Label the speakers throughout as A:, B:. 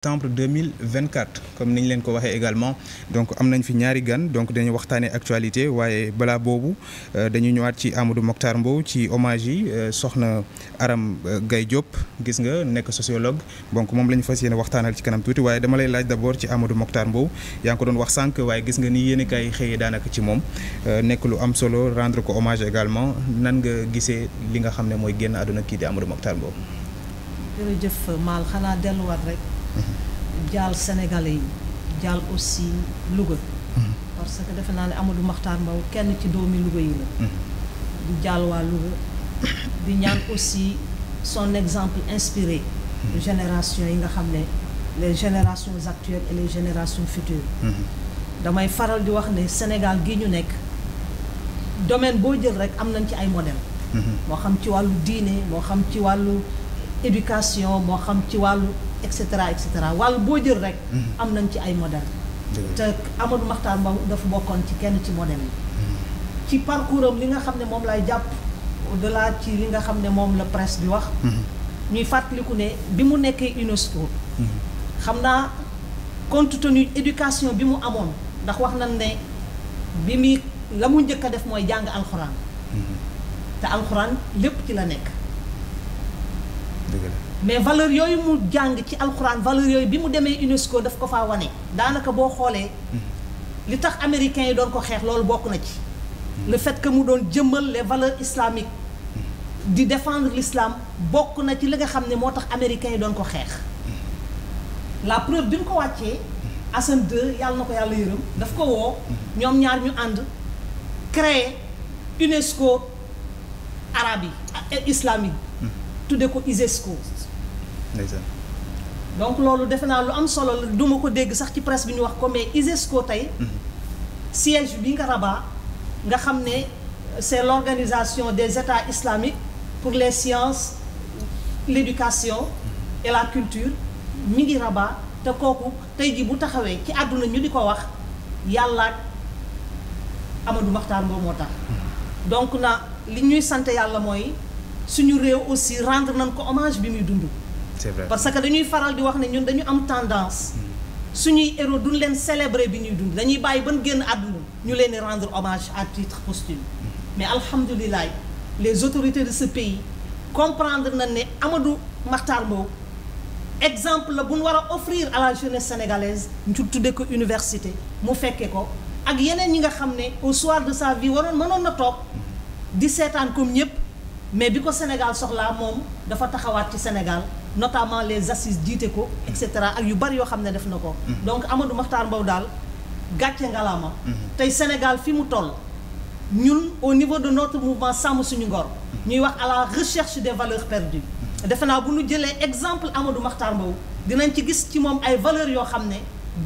A: septembre 2024 comme ni ñu leen ko waxee également donc am nañ fi ñaari gan donc dañu waxtaanee actualité waaye balaa boobu euh, dañu ñëwaat ci Amadou Mokhtar Mbow ci omage yi euh, soxna Aram euh, Gaye Diop gis nga nekk sociologue donc moom la ñu fas yéene waxtaanal ci kanam tuuti waaye dama lay laaj d'abord ci Amadou Mokhtar Mbow yaa ngi ko doon wax sànq waaye gis nga ni yéen a kaay xëyee daanaka ci moom nekk lu am solo rendre ko hommage également nan nga gisee li nga xam ne mooy génn àdduna kii di Amadou Mokhtar Mbow
B: jaal sénégalais yi jaal aussi Louga mm-hmm. parce que defe naa ne amalu Makhtar Mbow kenn ci doomi Louga yi la mm-hmm. di jaal waa Louga di ñaan aussi son exemple inspiré mm-hmm. génération yi nga xam ne les générations actuelles et les génération futures damay faral di wax ne Sénégal gi ñu nekk domaine boo jël rek am nañ ci ay modèle moo xam ci wàllu diine moo xam ci wàllu éducation moo xam ci wàllu et cetera cetera wàll boo jël rek. Mhm. am nañ ci ay modèle te Amadou Makhtar Mbow dafa bokkoon ci kenn ci modèle yi. Mhm. ci parcours am li nga xam ne moom lay jàpp au ci li nga xam ne moom la presse bi wax. Mhm. ñuy fàttaliku ne bi mu nekkee UNESCO. xam naa compte tenu éducation bi mu amoon ndax wax na ne bi muy la mu njëkk a def mooy jàng alxuraan. te alxuraan lépp ci la nekk. mais valeur yooyu mu jàng ci alxuraan valeur yooyu bi mu demee UNESCO daf ko faa wane daanaka boo xoolee li tax américains yi doon ko xeex loolu bokk na ci le fait que mu doon jëmbal les valeurs islamiques di défendre l'islam bokk na ci li nga xam ne moo tax américains yi doon ko xeex la preuve bi mu ko wàccee Hassan II yàlla na ko yàlla yërëm daf ko woo ñoom ñaar ñu ànd créer UNESCO arabe yi islamique tudde ko ISESCO donc loolu defe naa lu am solo la duma ko dégg sax ci presse bi ñu wax ko mais ISESCO tey. Mhm. siège bi nga Rabat nga xam ne c'est l'organisation des états islamiques pour les sciences l'éducation mhm. et la culture mi ngi Rabat te kooku tey ji bu taxawee ci àdduna ñu di ko wax yàllaak Amadou Mahtar Mbow moo tax mhm. donc na li ñuy sant yàlla mooy suñu réew aussi rendre nañ ko hommage bi muy dund c'est parce que dañuy faral di wax ne ñun dañu am tendance. suñuy éro duñ leen célébrer bi ñuy dund dañuy bàyyi ban génn àdduna ñu leen di rendre hommage à titre posthume mais alhamdulilah les autorités de ce pays comprendre nañ ne Amadou Makhtar Mbow exemple la bu ñu war a offrir à la jeunesse sénégalaise ñu tuddee ko université mu fekkee ko ak yeneen ñi nga xam ne au soir de sa vie waroon mënoon na toog di seetaan comme ñëpp mais bi ko Sénégal soxlaa moom dafa taxawaat ci Sénégal notamment les assises jiite ko et cetera ak yu bari yoo xam ne def na ko mm-hmm. donc Amadou Mahtar Mbow daal gàcce ngalaama mm-hmm. tey Sénégal fi mu toll ñun au niveau de notre mouvement sàmm suñu ngor mm-hmm. ñuy wax à la recherche des valeur perdues defe naa bu ñu jëlee exemple Amadou maxtar Mbow dinañ ci gis ci moom ay valeurs yoo xam ne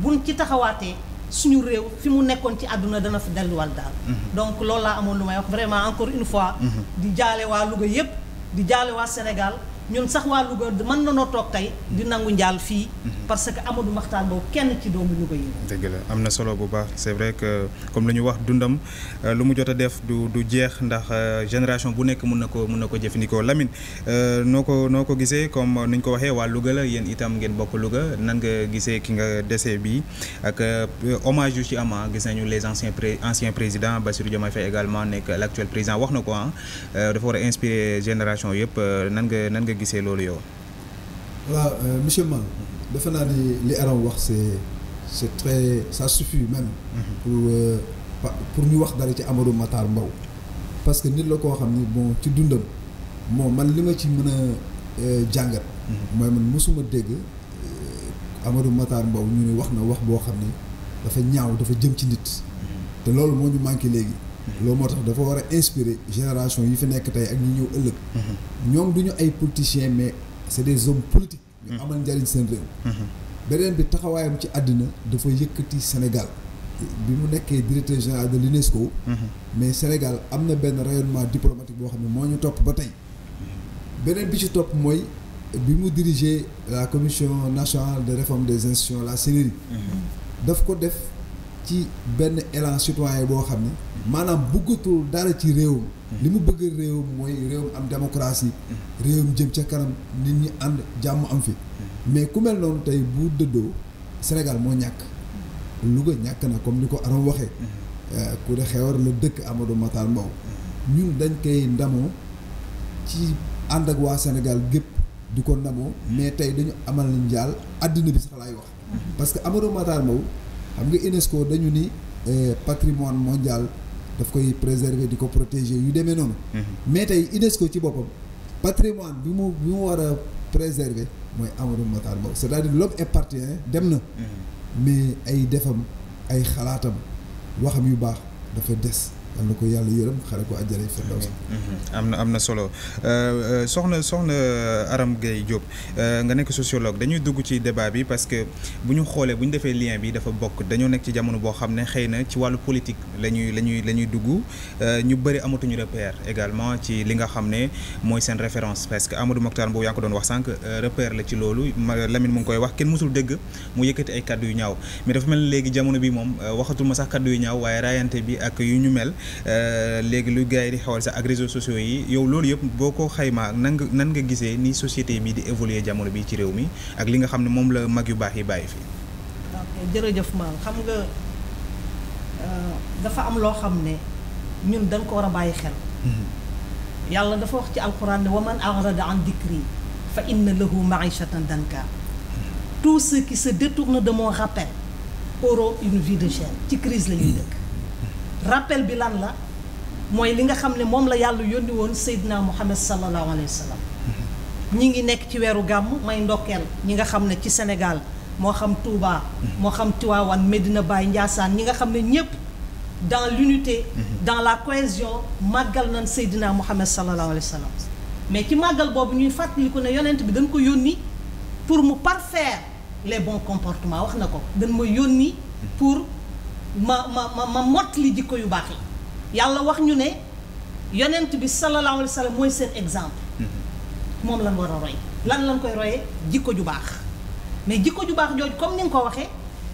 B: buñ ci taxawaatee suñu réew fi mu nekkoon ci àdduna dana fi delluwaat daal donc loolu laa amoon lu may wax vraiment encore une fois di jaale waa Louga yépp di jaale waa Sénégal ñun sax waa Louga mën noo toog tey di nangu njaal fii. Mhm. parce que Amadou Makhtar Mbow kenn ci doomu Louga yi.
A: dëgg la am na solo bu baax c'est vrai que comme lu ñu wax dundam euh, lu mu jot a def du du jeex ndax euh, génération bu nekk mun na ko mun na ko jëfandikoo Lamine euh, noo ko noo ko gisee comme ni ko waxee waa Louga la yéen itam ngeen bokk Louga nan nga gisee ki nga décès bi ak hommage yu ci am ah, gis nañu les anciens pré anciens présidents Bassirou Diomaye Faye également nekk l'actuel président wax na ko ah dafa war a inspirer génération nan nga nan nga gisee loolu yow.
C: waaw euh, monsieur Mal defe naa ni li Aram wax c'est c'est très ça suffit même. Mhm. pour euh, pour ñu wax dara ci Amadou Matar Mbow. parce que nit la koo xam ni bon ci dundam moo man li ma ci mën a euh, jàngat. Mhm. mooy man mosuma dégg euh, Amadou Matar Mbow ñu ne wax na wax boo xam ni dafa ñaaw dafa jëm ci nit. Mhm. te loolu moo ñu manqué léegi. loolu moo tax dafa war a inspirer génération yi fi nekk tey ak ñi ñëw ëllëg. ñoom duñu ay politiciens mais c' est des hommes politiques. ñu mm-hmm. amal njariñ seen réew. Mm-hmm. beneen bi taxawaayam ci àddina dafa yëkkati Sénégal. bi mu nekkee directeur général de l'UNESCO mm-hmm. mais Sénégal am na benn rayonnement diplomatique boo xam ne moo ñu topp ba tey. beneen bi ci topp mooy bi mu diriger la commission nationale de réforme des institutions la CNRI. daf ko def ci benn élan boo xam ne. maanaam bëggatul dara ci réewam li mu bëgg réew mooy réewam am réew réewam jëm ca kanam nit ñi ànd jàmm am fi mais ku mel noonu tey bu dëddoo Sénégal moo ñàkk Louga ñàkk na comme ni ko Aram waxee euh, ku de xewar la dëkk amado Matar Mbow ñun dañ koy ndamoo ci ànd ak waa Sénégal gépp di ko ndamoo mais tey dañu amal njaal àddina bi sax laay wax parce que Amadou Matar Mbow xam nga UNESCO dañu ni euh, patrimoine mondial daf koy préserver di ko protéger yu demee noonu. Mhm. mais tey ko ci boppam patrimoine bi mu bi mu war a préserver mooy Amadou Mahtar Mbow c'est-à-dire l'homme est parti dem na.
D: Mhm.
C: mais ay defam ay xalaatam waxam yu baax dafa des. am na ko yàlla yërëm xare ko àjjana firdaws
A: mhm. am na am na solo euh, euh, soxna aram Arame Gueye Diop euh, nga nekk sociologue dañuy dugg ci débat bi parce que bu ñu xoolee bu ñu defee lien bi dafa bokk dañoo nekk ci jamono boo xam ne xëy na ci wàllu politique la ñuy la la ñuy dugg ñu bëri amatuñu repère également ci li nga xam ne mooy seen référence parce que Amadou Mokhtar Mbow yaa ngi ko doon wax sànq repère la ci loolu Lamine mu ngi koy wax kenn mësul dëgg mu yëkkati ay kàdd yu ñaaw mais dafa mel léegi jamono bi moom waxatul sax kàddu yu ñaaw waaye raayante bi ak yu ñu mel Euh, léegi lu gars yi di xawal sax ak réseaux sociaux yi yow loolu yëpp boo ko xayma ak nga nan nga gisee ni société bi di évoluer jamono bi ci réew mi ak li nga xam ne moom la mag yu baax yi bàyyi fi
B: jërëjëf ma xam nga euh, dafa am loo xam ne ñun dañ ko war a bàyyi xel
A: mm-hmm.
B: yàlla dafa wax ci alquran ne wa man arada an dikri fa inna lahu maïchatan danka mm-hmm. tous ceux qui se détournent de mon rappel auront une vie de ci crise la ñuy rappel bi lan la mooy li nga xam ne moom la yàlla yónni woon Seydina Muhammad sallallahu alayhi wa sallam mm-hmm. ñi ngi nekk ci weeru gàmm may ndokkeel ñi nga xam ne ci Sénégal moo xam Touba. Mm-hmm. moo xam Tiwaawan Medina bàyyi Ndiassane ñi nga xam ne ñëpp dans l'unité mm-hmm. dans la cohésion màggal nañ Seydina Muhammad sallallahu alayhi wa sallam mais ci màggal boobu ñuy fàttaliku ne yonent bi dañ ko yónni pour mu parfaire les bon comportement wax na ko dañ ma ma ma ma ma mott li jikko yu baax yi yàlla wax ñu ne yonent bi sallallahu alayhi wa sallam mooy seen exemple mhm. moom lan war a roy lan lan koy royee jikko ju baax mais jikko ju baax jooju comme ni nga ko waxee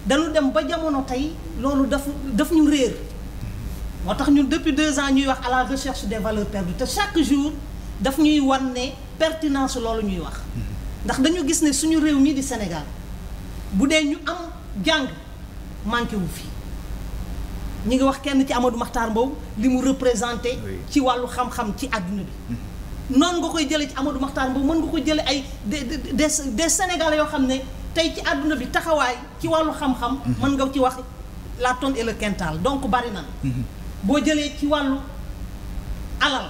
B: dañu dem ba jamono tey loolu daf daf ñu réer mhm. moo tax ñu depuis deux ans ñuy wax à la recherche des valeur perdues te chaque jour daf ñuy wan ne pertinence loolu ñuy wax mhm. ndax dañu gis ne suñu réew mii di Sénégal bu dee ñu am jàng manqué wu fi ñi ngi wax kenn ci Amadou Makhtar Mbow li mu représenté ci wàllu xam-xam ci àdduna bi noonu nga koy jëlee ci Amadou Makhtar Mbow mën nga ko jëlee ay de de sénégal yoo xam ne tey ci àdduna bi taxawaay ci wàllu xam-xam mhm. mën nga ci wax la tonne et le donc bari na mhm. boo jëlee ci wàllu alal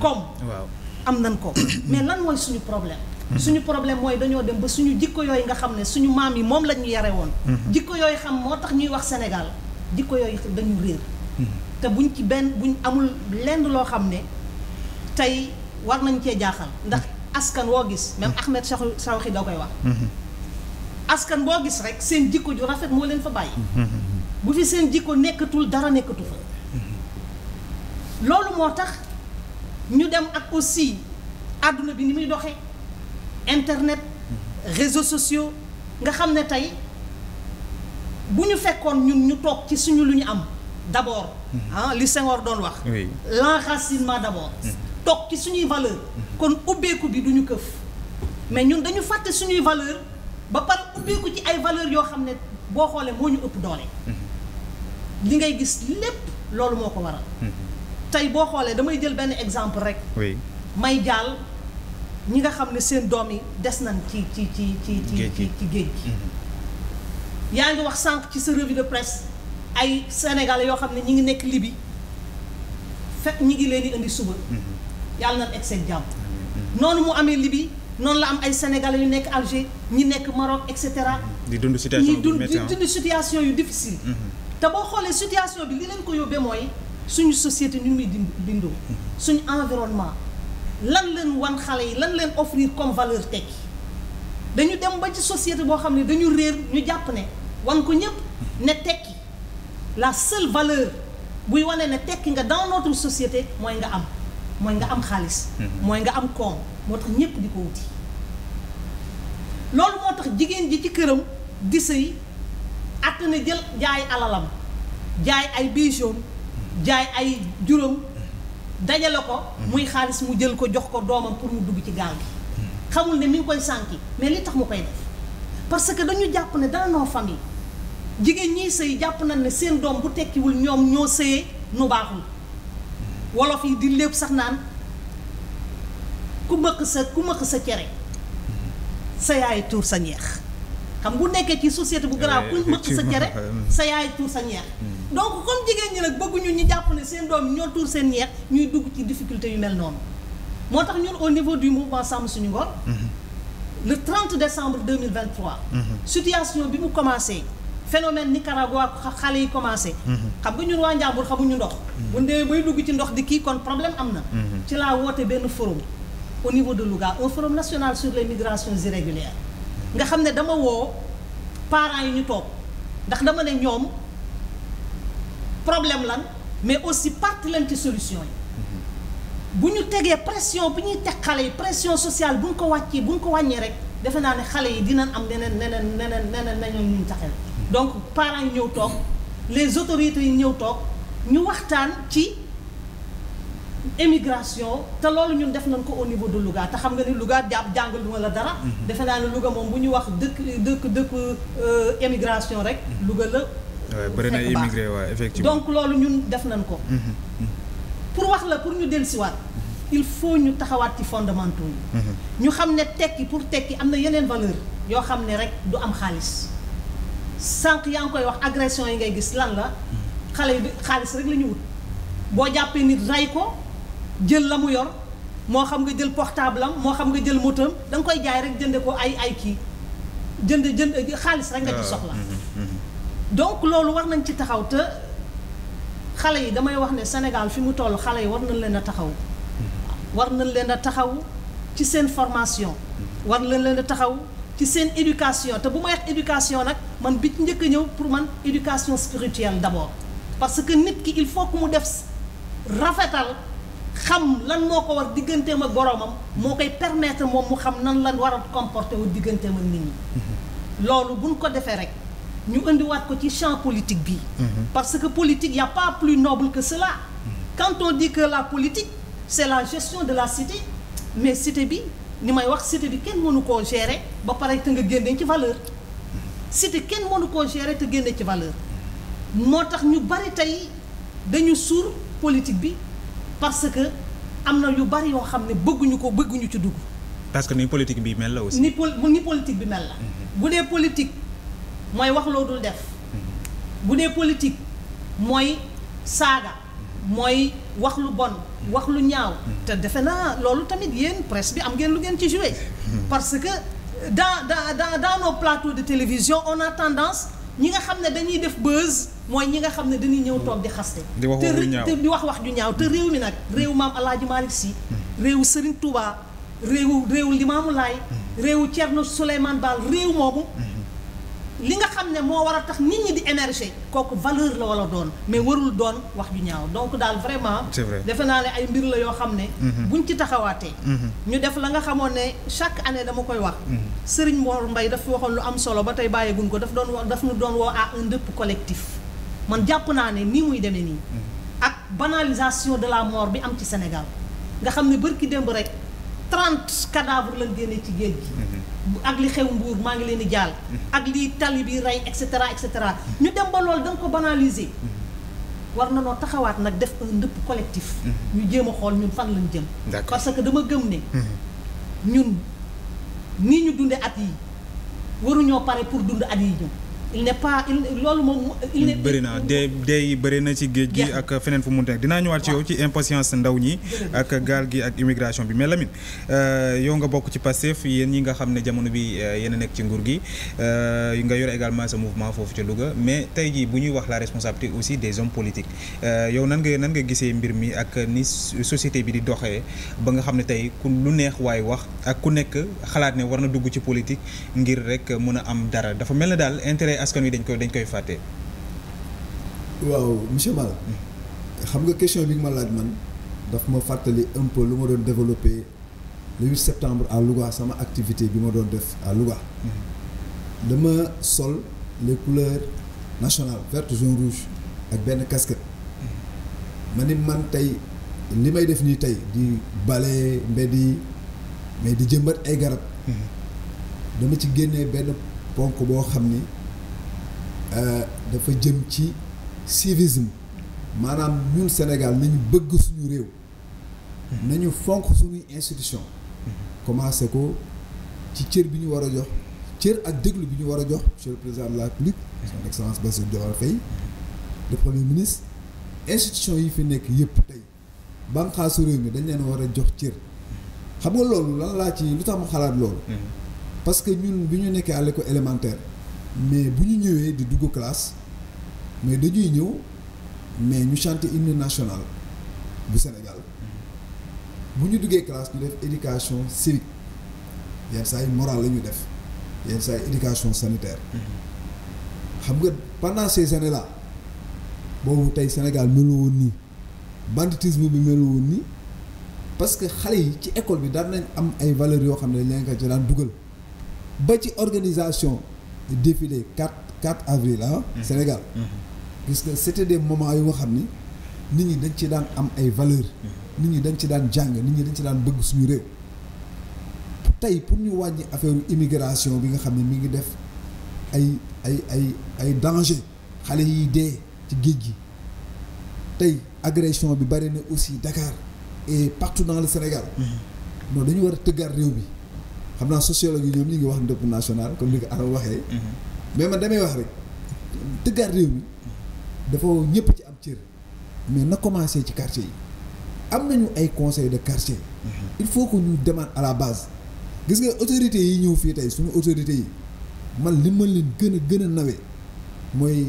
B: comme waaw am nan ko mais nan mooy suñu problème mhm. suñu problème mooy dañoo dem ba suñu jikko yooyu nga xam ne suñu maam yi moom la ñu yare woon jikko yooyu xam moo tax ñuy wax Sénégal jikko yooyu dañu réer hmm. te buñ ci benn buñ amul lenn loo xam ne tey war nañ cee jaaxal ndax hmm. askan woo gis même hmm. Ahmed Shawqi da koy wax askan boo gis rek seen jikko ju rafet moo leen fa bàyyi bu fi seen jikko nekkatul dara nekkatu fa loolu moo tax ñu dem ak aussi àdduna bi ni muy doxee internet réseau sociaux nga xam ne tey bu ñu fekkoon ñun ñu toog ci suñu lu ñu am d'abord mhm. ah li Senghor doon wax l'enracinement d'abord mhm. toog ci suñuy valeur mhm. kon ubbeeku bi duñu këf mais ñun dañu fàtte suñuy valeur ba pare ubbeeku ci ay valeur yoo xam ne boo xoolee moo ñu ëpp doole li ngay gis lépp loolu moo ko waral tey boo xoolee damay jël benn exemple rek may jaal ñi nga xam ne seen doom yi des nañ ci ci ci ci ci ci géej gi yaa ngi wax sànq ci sa revue de presse ay sénégal yoo xam ne ñi ngi nekk Libye fekk ñi ngi leen di indi suba mm-hmm. yàlla na egg seen jàmm mm-hmm. noonu mu amee libi noonu la am ay sénégalais yu nekk Alger ñi nekk Maroc et cetera mm-hmm.
A: di ah. dund
B: situation yu difficile te boo xoolee situation bi li leen ko yóbbee mooy suñu société ñu muy bindoo suñu environnement lan leen wan xale yi lan leen offrir comme valeur tekki dañu dem ba ci société boo xam ne dañu réer ñu jàpp ne wan ko ñëpp ne tekki la seule valeur buy wane ne tekki nga dans notre société mooy nga am mooy nga am xaalis. Mhm. mooy nga am koom moo tax ñëpp di ko wuti. loolu moo tax jigéen ji ci këram di sëy att na jël jaay alalam jaay ay bijoux jaay ay juróom dajale ko. Mhm. muy xaalis mu jël ko jox ko doomam pour mu dugg ci gaal gi. xamul ne mi ngi koy sànki mais li tax mu koy def parce que dañu jàpp ne dans nos familles jigéen ñiy sëy jàpp nañ ne seen doom bu tekkiwul ñoom ñoo sëyee nu baaxul wolof yi di lépp sax naan ku mëkk sa ku mëkk sa cere sa yaay tuur sa ñeex xam bu nekkee ci société bu garaaw ku mëkk sa cere sa yaay tuur sa ñeex hmm. donc comme jigéen ñi nag bëgguñu ñu jàpp ne seen doom ñoo tuur seen ñeex ñuy dugg ci difficulté yu mel noonu moo tax ñun au niveau du mouvement Sàmm Suñu Ngor mhm. le 30 décembre 2023 mhm. situation bi mu commencé phénomène Nicaragua xale yi commencé mhm. xam nga ñun waa Njàmbur xamuñu ndox bu ndee bay dugg ci ndox di kii kon problème am na ci laa woote benn forum au niveau de Louga un forum national sur les migrations irrégulières nga xam ne dama woo parents yi ñu toog ndax dama ne ñoom problème lan mais aussi parti leen ci solution yi bu ñu tegee pression bu ñuy teg xale yi pression sociale bu ñu ko wàccee bu ñu ko wàññee rek defe naa ne xale yi dinañ am neneen neneen neneen neneen neneen ñu taxel donc parents yi ñëw toog les autorités yi ñëw toog ñu waxtaan ci émigration te loolu ñun def nañ ko au niveau de Louga te xam nga ni Louga jàpp jàngal lu ma la dara. defe naa ne Louga moom bu ñu wax dëkk dëkk dëkk euh, émigration rek. Louga la. waaw
A: bëri na immigré waaw effectivement donc
B: loolu ñun def nañ ko.
A: Mhm.
B: pour wax la pour ñu dellusiwaat il faut ñu taxawaat ci fondamentaux yi mhm. ñu xam ne tekki pour tekki am na yeneen valeur yoo xam ne rek du am xaalis sànq yaa ngi koy wax agression yi ngay gis lan la xale yi xaalis rek la ñu wut boo jàppee nit ray ko jël la mu yor moo xam nga jël portable moo xam nga jël moto am koy jaay rek jënde ko ay ay kii jënd jënd xaalis rek nga ci ah, soxla mhm, mhm. donc loolu war nañ ci taxaw te xale yi damay wax ne Sénégal fi mu toll xale yi war nañ leen a taxaw war nañ leen a taxaw ci seen formation war nañ leen a taxaw ci seen éducation te bu ma wax éducation nag man bi njëkk a ñëw pour man éducation spirituelle d'abord parce que nit ki il faut que mu def rafetal xam lan moo ko war digganteem ak boroomam moo koy permettre moom mu xam nan lan war a comporter wu digganteem ak nit ñi mm-hmm. loolu buñ ko defee rek ñu indiwaat ko ci champ politique bi. Mm-hmm. parce que politique y a pas plus noble que cela. Mm-hmm. quand on dit que la politique c'est la gestion de la cité mais cité bi ni may wax cité bi kenn mënu koo gérer ba pare te nga génne ci valeur. Mm-hmm. cité kenn mënu koo gérer te génne ci valeur moo tax ñu bari tey dañu suur politique bi parce que am na yu bari yoo xam ne bëgguñu ko bëgguñu ci dugg.
A: parce que ni politique bi mel la aussi. ni
B: pol politique bi mel la. bu dee politique. mooy wax loo dul def bu dee politique mooy saaga mooy wax lu bon wax lu ñaaw te defe naa loolu tamit yéen presse bi am ngeen lu ngeen ci joué parce que dans da dans dans nos plateaux de télévision on a tendance ñi nga xam ne dañuy def buzz mooy ñi nga xam ne dañuy ñëw toog di xaste te di wax wax ju ñaaw te mm-hmm. réew mi nag mm-hmm. réew maam Alaaji Malick Sy mm-hmm. réew Serigne Touba réew réew Limaamu Laay réew Thierno Souleymane bal réew moomu li nga xam ne moo war a tax nit ñi di émerger kooku valeur la wala doon mais warul doon wax ju ñaaw donc daal vraiment defe naa ne ay mbir la yoo xam ne mhm. buñ ci taxawaatee mhm. ñu def la nga xamoon ne chaque année dama koy wax mhm. Serigne Mor mbay daf waxoon lu am solo ba tey bàyyeeguñ ko daf doon woo daf ñu doon woo à un dëpp collectif man jàpp naa ne nii muy demee nii ak banalisation de la mort bi am ci Sénégal nga xam ne bërki démb rek trente cadavres lañ génnee ci géej gi ak li xew mbuur maa ngi leen di jaal ak li tali bi rey et cetera et cetera ñu dem ba loolu da nga ko banaliser war na noo taxawaat nag def un ndëpp collectif ñu jéem a xool ñun fan lañ jëm parce que dama gëm ne mhm. ñun nii ñu dunde at yi waruñoo pare pour dund at yi ñëw il n'est loolu moom. il est
A: bëri na dee dee bëri na ci géej gi. ak feneen fu mu nekk dinaa ñëwaat ci yow ci impatience ndaw ñi. ak gaal gi ak immigration bi mais Lamine euh, yow nga bokk ci Pastef yéen ñi nga xam ne jamono bi euh, yéen nekk ci nguur gi euh, nga yor également sa mouvement foofu ci Louga mais tey jii bu ñuy wax la responsabilité aussi des hommes politiques yow nan nga nan nga gisee mbir mi ak ni société bi di doxee ba nga xam ne tey ku lu neex waay wax ak ku nekk xalaat ne war na dugg ci politique ngir rek mën a am dara askan dañ koy dañ koy fàtte.
C: waaw monsieur Mal xam nga question bi ma laat man daf ma fàttali un lu ma doon développé le septembre à Louga sama activité bi ma doon def à Louga. Mm-hmm. dama sol les couleur nationales verte jaune rouge ak benn casquette. Mm-hmm. ma ni man tey li may def nii tey di bale mbedd yi mais di jëmbat ay garab. Mm-hmm. dama ci génne benn ponk boo xam ni. Euh, dafa jëm ci civisme maanaam ñun Sénégal nañu bëgg suñu réew nañu fonk suñuy institution commencé ko ci cër bi ñu war a jox cër ak déglu bi ñu war a jox monsieur le président de la République son excellence Bassirou Diomaye Faye le premier ministre yi fi nekk yëpp tey bànqaasu réew mi dañ leen war a jox cër xam nga loolu lan laa ci lu xalaat loolu
D: mm-hmm.
C: parce que ñun bi ñu nekkee ale ko élémentaire mais bu ñu ñëwee di dugg classe mais dañuy ñëw mais ñu chanter hymne national bu Sénégal mm-hmm. bu ñu duggee classe ñu def éducation civique yenn saa morale la ñu def yenn saa éducation sanitaire mm-hmm. xam nga pendant ces années là boobu tey Sénégal melu woon nii banditisme bi melu woon nii parce que xale yi ci école bi daan nañ am ay valeurs yoo xam ne dañ leen ko ci daan dugal ba ci organisation. di défilé 4 4 avril ah. Sénégal. Mhm. gis nga c'était des moments yu nga xam ni nit ñi dañ ci daan am ay valeur mhm. nit ñi dañ ci daan jàng nit ñi dañ ci daan bëgg suñu réew. tey pour ñu wàññi affaire immigration bi nga xam ne mu ngi def ay ay ay ay danger xale yiy dee ci géej gi tey agression bi bari na aussi Dakar et partout dans le Sénégal. non dañu war a tëggaat réew bi xam naa sociologue yi ñoom ñu ngi wax ndëpp national comme ni ko Aram waxee. Mhm. mais man damay wax rek tëggaat réew mi dafa ñëpp ci am cër. mais na commencé ci quartier yi am nañu ay conseil de quartier. Mhm. il faut que ñu demande à la base. gis nga autorités yi ñëw fii tey suñu autorité yi man li ma leen gën a gën a nawee mooy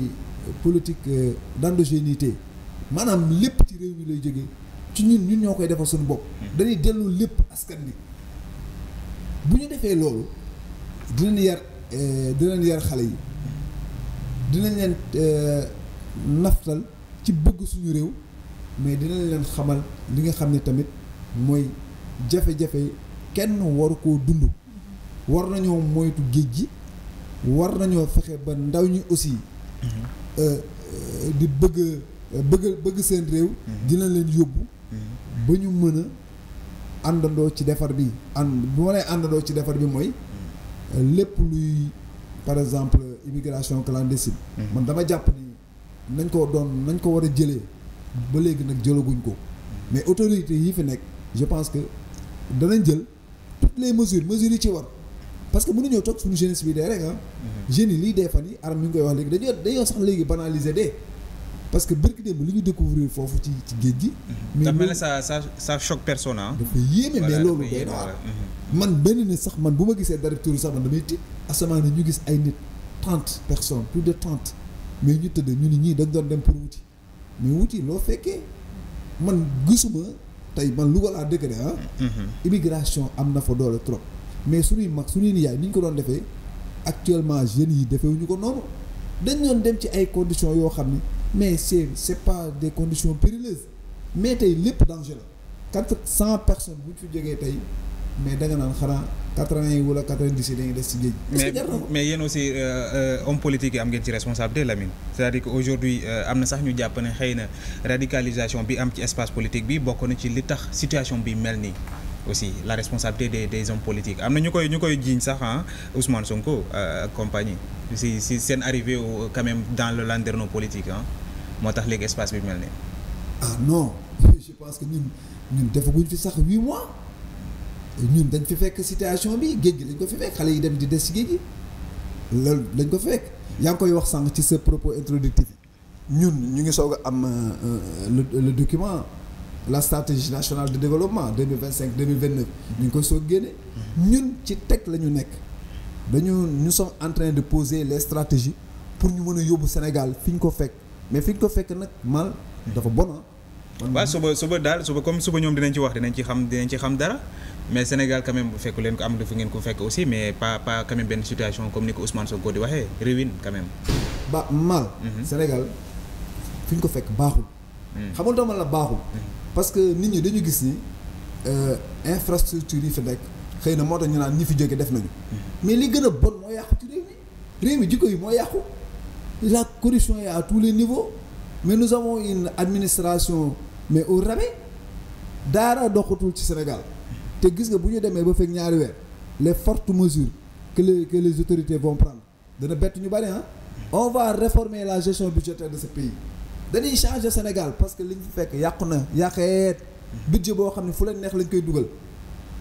C: politique euh, d'endogénéité maanaam lépp ci réew mi lay jógee ci ñun ñun ñoo koy defal suñu bopp. Mhm. dañuy dellu lépp askan bi bu ñu defee loolu dinañ yar euh, dinañ yar xale yi dina leen euh, naftal ci bëgg suñu réew mais dinañ leen xamal li nga xam ne tamit mooy jafe-jafe kenn waru koo dund war nañoo moytu géej gi war nañoo fexe ba ndaw ñi aussi
D: mm-hmm.
C: euh, di bëgg bëgg bëgg seen réew mm-hmm. dina leen yóbbu
D: mm-hmm.
C: ba ñu mën àndandoo ci defar bi ànd bu ma nee àndandoo ci defar bi mooy lépp luy par exemple immigration clandestine. Mm-hmm. man dama jàpp ni nañ ko doon nañ ko war a jëlee ba léegi nag jëlaguñ ko mais autorités yi fi nekk je pense que danañ jël toutes les mesures mesures yi ci war parce que mënuñoo toog suñu jeunesse bi dee rek ah. Mm-hmm. jeunes yi lii dee fan yi aram mi ngi koy wax léegi dañoo dañoo sax léegi banaliser de parce que bërki démb li ñu découvrir foofu ci ci
A: géej gi. Mhm. mais mel sa sa sa choc personne ah. dafa yéeme mais loolu doy mhm.
C: man benn nit sax man bu ma gisee dara tur sax man damay tiit asamaan yi ñu gis ay nit trente personnes plus de trente mais ñu tëdd ñu ni ñii dañ doon dem pour wuti mais wuti loo fekkee man gisuma tey man Louga laa dëkk de ah. Mhm. immigration am na fa doole trop. mais suñuy mag suñuy nijaay ni ñu ko doon defee actuellement jeunes yi defewuñu ko noonu dañ doon dem ci ay conditions yoo xam ni. mais c'est c'est pas des conditions périlleuses mais tey lépp danger la quatre cent personnes bu ñu fi jegee tey mais da nga naan xanaa quatre-vingt yi wala quatre-vingt-dix yi dañuy des ci géej. mais
A: mais yéen aussi euh, euh, homme politique yi am ngeen ci responsabilité Lamine. c'est-à-dire que aujourd'hui euh, am na sax ñu jàpp ne xëy na radicalisation bi am ci espace politique bi bokk na ci li tax situation bi mel nii. aussi la responsabilité des des hommes politiques am na ñu koy ñu koy jiiñ sax ah Ousmane Sonko euh, ak compagnie si si seen arrivée au quand dans le landerneau politique moo tax léegi espace bi mel nii. ah
C: non je pense que ñun ñun defaguñ fi sax huit mois ñun dañ fi fekk situation bi géej gi lañ ko fi fekk xale yi dem di des ci géej gi loolu lañ ko fi fekk yaa ngi koy wax sànq ci sa propos introductif ñun ñu ngi soog a am euh, euh, le document. la stratégie nationale de développement 2025 2029 ñu ngi koy soog génne ñun ci teg la ñu nekk dañu ñu sommes en train de poser les stratégies pour ñu mën a yóbbu Sénégal fi ñu ko fekk mais fi ñu ko fekk nag mal dafa bon
A: ah. waaw suba suba daal suba comme suba ñoom dinañ ci wax dinañ ci xam dinañ ci xam dara mais Sénégal quand bu fekku leen ko am dafa ngeen ko fekk aussi mais pas pas quand même benn situation comme ni ko Ousmane Sonko di waxee ruine quand même.
C: ba mal. Mhm. Sénégal fi ñu ko fekk baaxul. Mhm. xamul dama la baaxul. Mhm. parce que nit ñi dañu gis ni euh, infrastructure yi fi nekk xëy na moo tax ñu naan ñi fi jóge def nañu mais li gën a bon moo yàqu ci réew mi réew mi jikko yi moo yàqu la corruption est à tous les niveaux mais nous avons une administration mais au rabais daara doxatul ci Sénégal te gis nga bu ñu demee ba fekk ñaari weer les fortes mesures que les les autorités vont prendre dana bett ñu bari ah on va réformer la gestion budgétaire de ce pays dañuy changer Sénégal parce que liñ fi fekk yàqu na yàqeet budget boo xam ne fu leen neex lañ koy dugal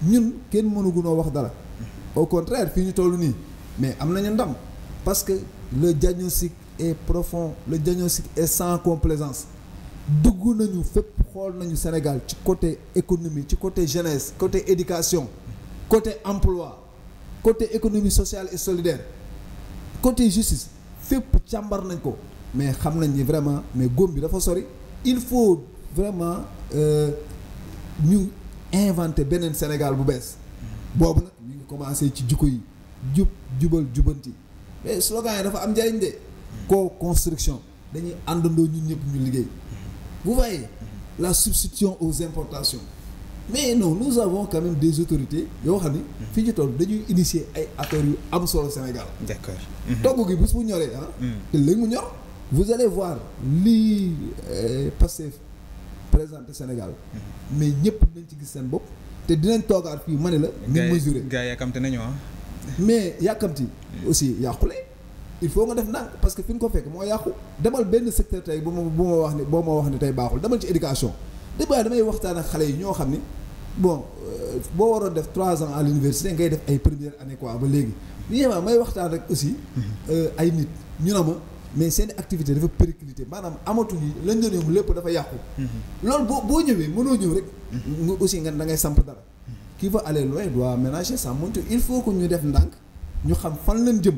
C: ñun kenn mënu gunoo wax dara au contraire fii ñu toll nii mais am nañu ndam parce que le diagnostic et profond le diagnostic et sans complaisance dugg nañu fépp xool nañu Sénégal ci côté économie ci côté jeunesse côté éducation côté emploi côté économie sociale et solidaire côté justice fépp càmbar nañ ko mais xam nañ ni vraiment mais góom bi dafa sori il faut vraiment euh, ñu inventer beneen Sénégal bu bees boobu nag ñu ngi commencé ci jikko yi jub jubal jubanti mais slogan yi dafa am njariñ de co-construction dañuy àndandoo ñu ñëpp ñu liggéey bu waaye la substitution aux importations mais non nous avons quand même des autorités yoo xam ni fi ñu toll dañuy initier ay affaires yu am solo Sénégal. d'accord togg gi bés bu ñoree ah. Mm. te léegi mu ñor. vous allez voir lii euh, Pastef présenté Sénégal mais ñëpp nañ ci gis seen bopp te dinañ toogaat fii ma ne la. ñu mesuré
A: gars yi yàkkamti nañu ah.
C: mais yàkkamti aussi yàqule il faut nga def ndànk parce que fi ñu ko fekk moo yàqu demal benn secteur tey bu ma bu ma wax ne boo ma wax ne tey baaxul demal ci éducation débat damay waxtaan ak xale yi ñoo xam ni bon euh, boo waroon def trois ans à l'université ngay def ay première année quoi ba léegi li may waxtaan rek aussi mhm. euh, ay nit ñu ne ma. mais seen activité dafa périclité maanaam amatul yi lañ doon yëngu lépp dafa yàqu. loolu boo boo ñëwee mënoo ñëw rek. nga aussi nga da ngay samp dara. qui veut aller loin doit ménager sa monture il faut que ñu def ndànk ñu xam fan lañ jëm.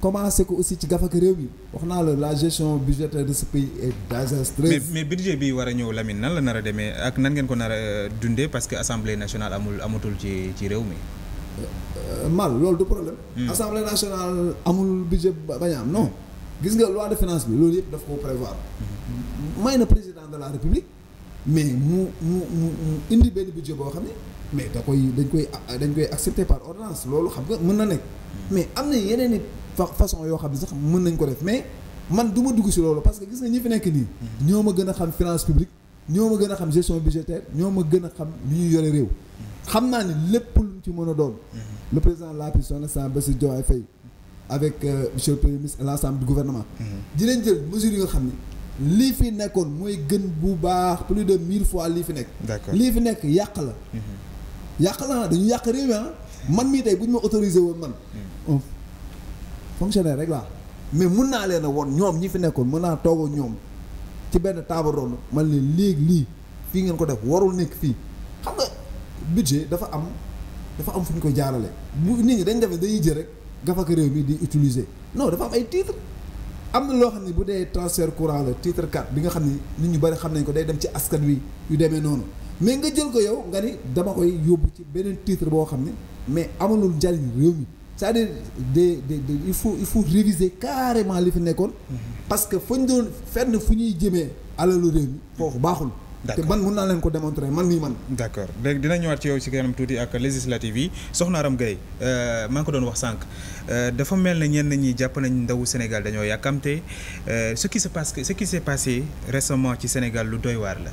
C: commencé ko aussi ci gafaka réew yi wax naa la la gestion budgétaire de ce pays est désastreuse. mais
A: mais budget bi war a ñëw Lamine nan la nar a demee ak nan ngeen ko nar a euh, dundee parce que assemblée nationale amul amatul ci ci réew mi.
C: Euh, euh, mal loolu du problème. Hmm. assemblée nationale amul budget bañ a am non. gis nga loi de finance bi loolu yëpp daf koo prévoir may na président de la république mais mu mu mu indi benn budget boo xam ne mais da koy dañ koy dañ koy accepté par ordonnance loolu xam nga mën na nekk mais am na yeneen i façon yoo xam ne sax mën nañ ko def mais man du ma dugg si loolu parce que gis nga ñi fi nekk nii ñoo ma gën a xam finance publique ñoo ma gën a xam gestion budgétaire ñoo ma gën a xam li ñuy yore réew xam naa ne lépp lu ci mën a doon le président de la République Bassirou Diomaye Faye avec euh, monsieur le premier ministre et l'ensemble du gouvernement. Mhm. dinañ jël mesures yi nga xam ne lii fi nekkoon mooy gën bu baax plus de mille fois lii fi nekk. d'accord lii fi nekk yàq la. Mhm. yàq la dañu yàq réew ah. man mii tey bu ñu ma autorisé woon man. Mhm. Oh. fonctionnaire rek laa mais mun naa leen a woon ñoom ñi fi nekkoon mën naa toog ñoom ci benn table ronde man leen léegi lii fii ngeen ko def warul nekk fii xam nga budget dafa am dafa am fu ñu ko jaarale bu nit ñi dañ def dañuy jël rek. gafaka réew mi di utiliser non dafa am ay titre am na loo xam ne bu dee transfert courant la titre 4 bi nga xam ne nit ñu bëri xam nañ ko day dem ci askan wi yu demee noonu mais nga jël ko yow nga ni dama koy yóbbu ci beneen titre boo xam ne mais amalul njariñ réew mi cest à de de de il faut il faut réviser carrément li fi nekkoon
D: mm-hmm.
C: parce que fañ doon fenn fu ñuy jëmee alalu réew mi foofu baaxul te man mun naa leen ko démontrer man nii man.
A: d' accord léegi dina ñëwaat ci yow ak législative yi soxna euh, maa ngi ko doon wax sànq euh, dafa mel ne ñenn ñi jàpp nañ ndawu Sénégal dañoo yàkkamte euh, ce qui se passe ce qui s' est lu doy la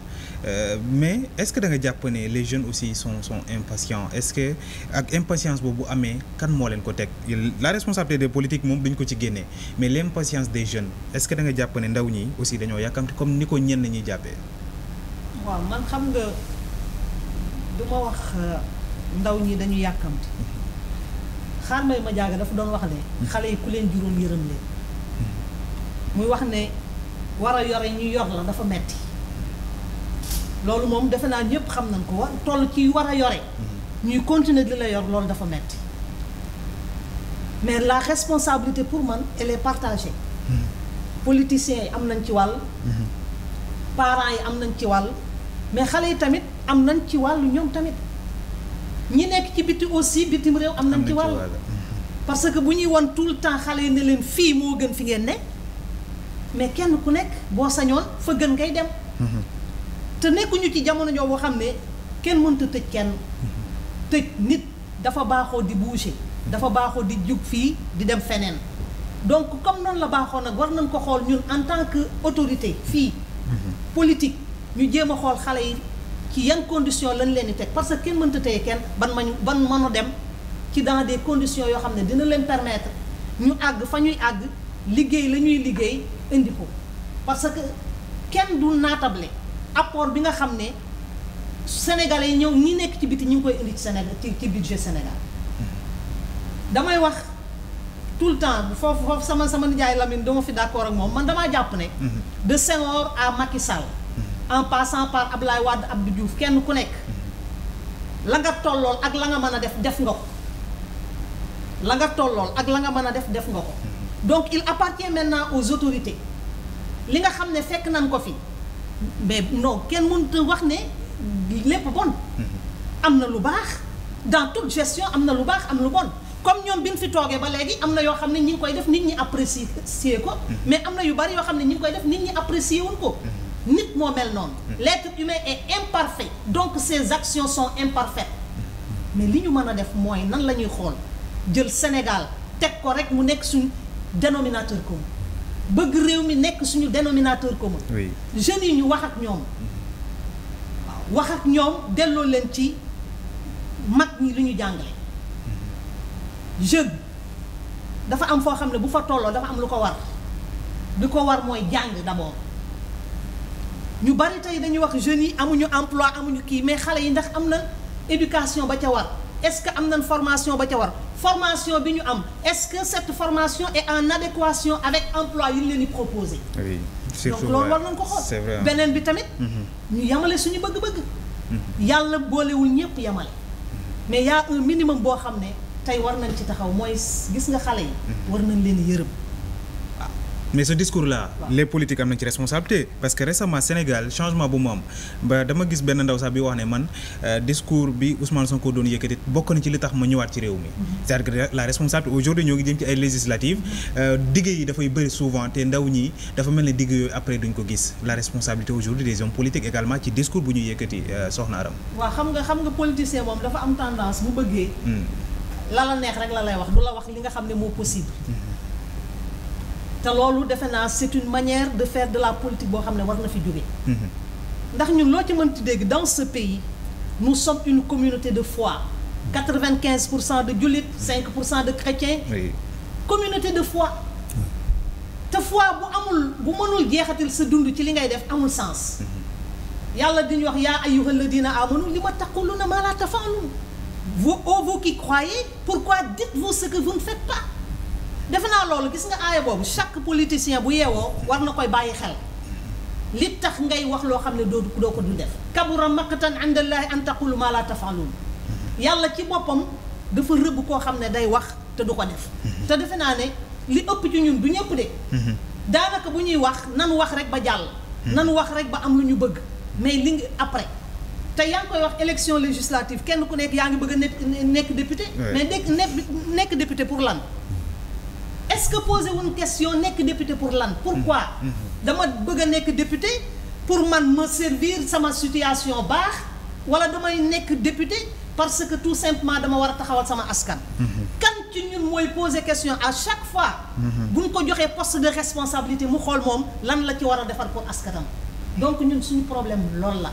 A: mais est ce que da nga jàpp ne les jeunes aussi sont sont impatients est ce que ak impatience boobu amee kan moo leen ko teg la responsabilité des politiques moom duñ ko ci génnee mais l' impatience des jeunes est nga jàpp ne ndaw ñi aussi dañoo yàkkamte comme ni ko ñenn ñi jàppee.
B: waaw man xam nga du ma wax euh, ndaw ñi dañu yàkkamti xaar may ma jaaga dafa doon wax ne xale yi ku leen juróom yërëm leen muy wax ne war a yore ñu yor la dafa metti loolu moom defe naa ñëpp xam nañ ko war toll ci war a yore ñuy continuer di la yor loolu dafa metti mais la responsabilité pour man elle est partagée hmm. politiciens yi am nañ ci wàll hmm. parents yi am nañ ci wàll mais xale yi tamit am nañ ci wàllu ñoom tamit ñi nekk ci biti aussi bitim réew am nañ ci wàllu parce que bu ñuy won tout le temps xale yi ne leen fii moo gën fi ngeen ne mais kenn ku nekk boo sañoon fa gën ngay dem mhm. te nekkuñu ci jamono joo boo xam ne kenn mënta tëj kenn mhm. tëj nit dafa baaxoo di bouger dafa baaxoo di jug fii di dem feneen donc comme noonu la baaxoo nag war nañ ko xool ñun en tant que autorité fii mhm. politique ñu jéem a xool xale yi ci yan condition lañ leen di teg parce que kenn mënta tey kenn ban ma ñu ban mënu dem ci dans des conditions yoo xam ne dina leen permettre ñu àgg fa ñuy àgg liggéey la ñuy liggéey indi ko parce que kenn du naatable apport bi nga xam ne sénégalais yi ñëw ñi nekk ci biti ñu ngi koy indi ci Sénégal ci ci budget Sénégal mm-hmm. damay wax tout le temps foofu foofu sama sama nijaay Lamine dama fi d'accord ak moom man dama jàpp ne. Mm-hmm. de Senghor à Macky Sall. en passant par Abdoulaye Wade Abdou Diouf kenn ku nekk la nga tollool ak la nga mën a def def nga ko la nga tollool ak la nga mën a def def nga ko donc il appartient maintenant aux autorités li nga xam ne fekk nañ ko fi mais non kenn mënut wax ne lépp bon am na lu baax dans toute gestion am na lu baax am lu bon comme ñoom bi ñu fi toogee ba léegi am na yoo xam ne ñi ngi koy def nit ñi apprécier ko mais am na yu bari yoo xam ne ñi ngi koy def nit ñi apprécier wul ko nit moo mel noonu l'être humain est imparfait donc ses actions son imparfaites mais li ñu mën a def mooy nan la ñuy xool jël Sénégal teg ko rek mu nekk suñu dénominateur commun bëgg réew mi nekk suñu dénominateur commun jeunes yi ñu waxat ak ñoom waaw wax ñoom delloo leen ci mag ñi lu ñu jàngale jeune dafa am foo xam ne bu fa tolloo dafa am lu ko war lu ko war mooy jàng d'abord ñu bari tey dañuy wax jeunes yi amuñu emploi amuñu kii mais xale yi ndax am na éducation ba ca war est que am nañ formation ba ca war formation bi ñu am est-ce que cette formation est en adéquation avec emploi yu ñu leen di proposé.
D: oui surtout donc loolu war nañ ko xool beneen bi tamit. Mm-hmm.
B: ñu yamale suñu bëgg-bëgg. Mm-hmm. yàlla boolewul ñëpp yamale. Mm-hmm. mais yaa a un minimum boo xam ne tey war nañ ci taxaw mooy gis nga xale yi. war nañ leen yërëm.
A: mais ce discours là les politiques am nañ ci responsabilité parce que récemment Sénégal changement bu mu am ba dama gis benn ndaw sax bi wax ne man euh, discours bi Ousmane Sonko doon yëkkati bokk na ci li tax ma ñëwaat ci réew mi c'est-à-dire responsabilité aujourd'hui ñoo ngi jëm ci ay législatives euh, digg yi dafay bëri souvent te ndaw ñi dafa mel ne digg yooyu après duñ ko gis la responsabilité aujourd'hui des hommes politiques également ci discours bu ñuy yëkkati euh,
B: te loolu defe naa c'est une manière de faire de la politique boo xam ne war na fi jóge ndax ñun loo ci mënti dégg dans ce pays nous sommes une communauté de foi quatre-vingt-quinze pour cent de jullit cinq pour cent de chrétiens communauté de foi te foi bu amul bu mënul jeexatil sa dund ci li ngay def amul sens yàlla diñu wax yaa ayyuhal ladina amanu li ma taquluna ma la tafalun vous ô vous qui croyez pourquoi dites-vous ce que vous ne faites defe naa loolu gis nga aaya boobu chaque politicien bu yeewoo war na koy bàyyi xel li tax ngay wax loo xam ne doo doo ko du def kabura maqtan indallaahi an maa laa la tafaaluun yàlla ci boppam dafa rëbb koo xam ne day wax te du ko def te defe naa ne li ëpp ci ñun du ñëpp de daanaka bu ñuy wax nan wax rek ba jàll nan wax rek ba am lu ñu bëgg mais li ngi après te yaa ngi koy wax élection législative kenn ku nekk yaa ngi bëgg a nekk député mais nekk nekk député pour lan est-ce que posé wuñ question nekk député pour lan pourquoi mm-hmm. Mm-hmm. dama bëgg a nekk député pour man ma servir sama situation baax wala damay nekk député parce que tout simplement dama war a taxawal sama askan mm-hmm. kan ci ñun mooy poser question à chaque fois bu buñ ko joxee poste de responsabilité mu xool moom lan la ci war a defar pour askanam donc ñun suñu problème loolu la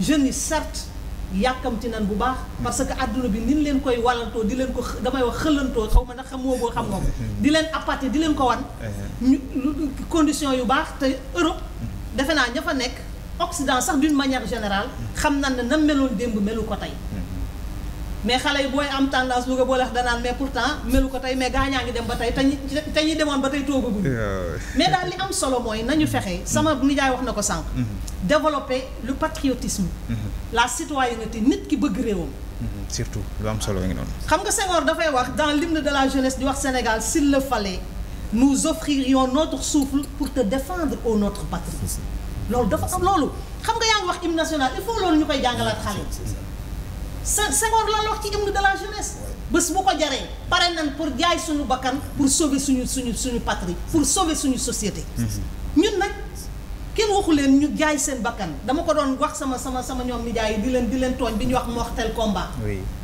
B: jeunes yi certes yàkkamti nan bu baax parce que àdduna bi nin leen koy wallantoo di leen ko damay wax xëlantoo xaw ma ndax xamoo boo xam moom di leen appâté di leen ko wan
D: uh-huh.
B: ñu condition yu baax te Europe defe naa ña fa nekk Occident sax d'une manière générale mm-hmm. xam nan ne na meloon démb melu ko tey mm-hmm. mais xale yi booy am tendance lu nga boole wax danaan mais pourtant melu ko tey mais gaa ñaa ngi dem ba tey te ñi te ñi demoon ba tey toogaguñ mais daal li am solo mooy nañu fexe sama nijaay wax na ko sànq mm-hmm. développer le patriotisme
A: mm-hmm.
B: la citoyenneté nit ki bëgg réewam mm-hmm.
A: surtout lu am solo ngi noonu
B: xam nga Senghor dafay wax dans l'hymne de la jeunesse di wax Sénégal s'il le fallait nous yoon notre souffle pour te défendre au notre patrie loolu dafa am loolu xam nga yaa wax hymne national il faut loolu ñu koy jàngalaat xale Senghor lan la wax ci hymne de la jeunesse bés bu ko jaree pare nan pour jaay suñu bakkan pour sauver suñu suñu suñu patrie pour sauver suñu société mhm. ñun nag kenn waxu leen ñu jaay seen bakkan dama ko doon wax sama sama sama ñoom nijaay yi di leen di leen tooñ bi ñu wax mortel combat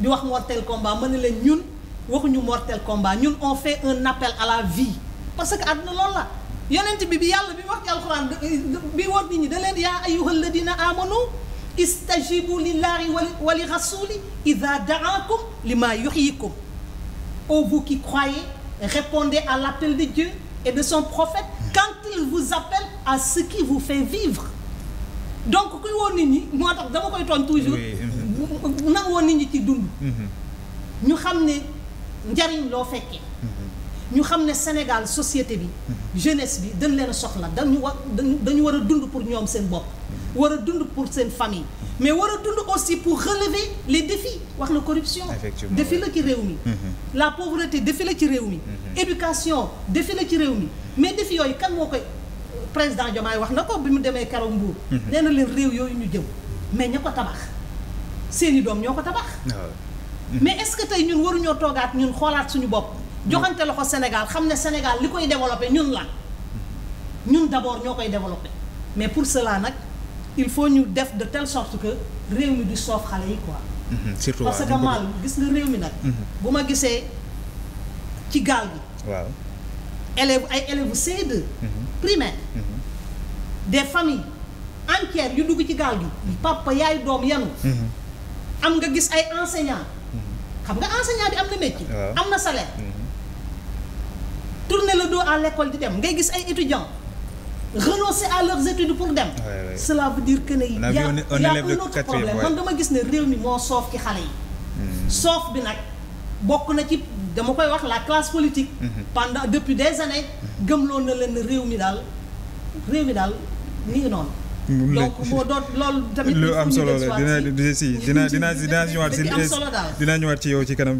B: di wax mortel combat mën na leen ñun waxuñu mortel combat ñun on fait un appel à la vie parce que àdduna loolu la yonent bi bi yàlla bi wax ci alxuraan bi war nit ñi da leen yaa ayyuhal ladina amanu istajibu lillahi wa li rasuli ida daakum lima yuhyikum ô vous qui croyez répondez à l'appel de Dieu et de son prophète quand il vous appelle à ce qui vous fait vivre donc kuy woon nit ñi moo tax dama koy toon toujours nang woon nit ñi ci dund mhm. ñu xam ne njariñ loo fekkee mhm. ñu xam ne Sénégal société bi mhm. jeunesse bi dañ leen soxla dañu war dañu war a dund pour ñoom seen bopp war a dund pour seen famille mais war a dund aussi pour relever les défis wax la corruption défi la ci réew mi mhm. la pauvreté défi la ci réew mi mhm. éducation défi la ci réew mi mais defi yooyu kan moo koy président jomaa Diomaye wax na ko bi mu demee keroog Mbour mhm. nee na leen réew yooyu ñu jëm mais ña ko tabax seeni doom ñoo ko tabax ah mais est que tey ñun waruñoo toogaat ñun xoolaat suñu bopp joxante loxo Sénégal xam ne Sénégal li koy développé ñun la ñun d'abord ñoo koy développé mais pour cela nag il faut ñu def de telle sorte que réew mi di soof xale yi quoi.
A: Mhm, surtout parce que maal
B: gis nga réew mi nag. Mhm. bu ma gisee ci gaal gi. waaw ay élèves C2. Mhm. primaire. des familles entières yu dugg ci gaal gi. papa yaay doom yanu. am nga gis ay enseignants. xam nga enseignant bi am na métier. am na salaire. tourner la doo à l'école di dem ngay gis ay étudiants. renoncer si leurs études pour dem. cela veut dire que ne. a y' a un autre problème man dama gis ne réew mi moo soof ci xale yi. Hmm. soof bi nag bokk na ci dama koy wax la classe politique. Hmm. pendant depuis des années. Hmm. gëmloo na leen ne réew mi daal réew mi daal mi ngi noonu.
A: donc moo
B: doon loolu tamit lu am solo la dina
A: dina si dina dina dina ñëwaat si ñëwaat ci yow ci kanam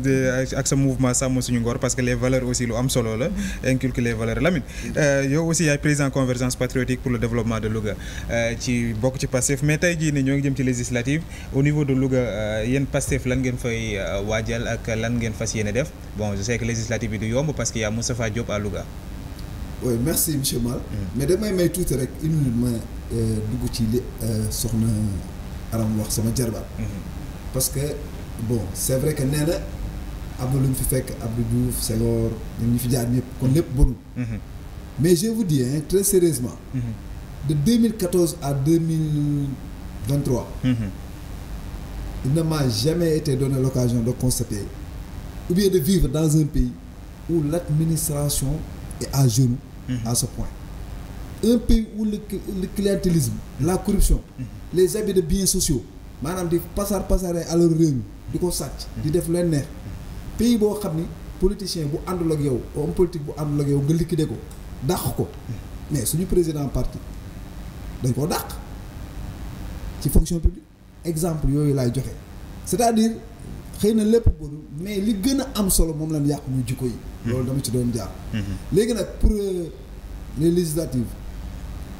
A: ak sa mouvement sàmm suñu ngor parce que les valeurs aussi lu am solo la inculque les valeurs Lamine euh, yow aussi yaay président convergence patriotique pour le développement de Louga euh, ci bokk ci Pastef mais tey jii ni ñoo ngi jëm ci législative au niveau de Louga euh, yéen Pastef lan ngeen fay waajal ak lan ngeen fas yéene def bon je sais que législative bi du yomb parce que y a Moustapha a luga
C: oui merci monsieur Mal. Mm. mais damay may tuuti rek une minute euh, dugg ci li euh, soxna Aram wax sama jarbaat. Mm-hmm. parce que bon c'est vrai que nee na na lu mu fi fekk Abdou Diouf Senghor ñoom ñu fi jaar ñëpp kon lépp bonul. Mm-hmm. mais je vous dis hein, très sérieusement.
D: Mm-hmm.
C: de 2014 à 2023. il ne m'a jamais été donné l'occasion de constater ou de vivre dans un pays où l'administration est à genoux Mm-hmm. à ce point. un pays où le le la corruption. Mm-hmm. les abus de biens sociaux maanaam di pasar pasaree alal réew mi di ko sàcc. Mm-hmm. di def leen neex pays boo xam ni politicien bu àndul ak yow homme politique bu àndul ak yow nga liquider ko dàq ko mais suñu président parti dañ koo dàq ci fonction publique exemple yooyu laay joxe c'est-à-dire xëy na lépp bon mais li gën a am solo moom lañ yàq muy jikko yi. loolu dama ci doon jaar. Mhm. léegi nag pour euh, les législatives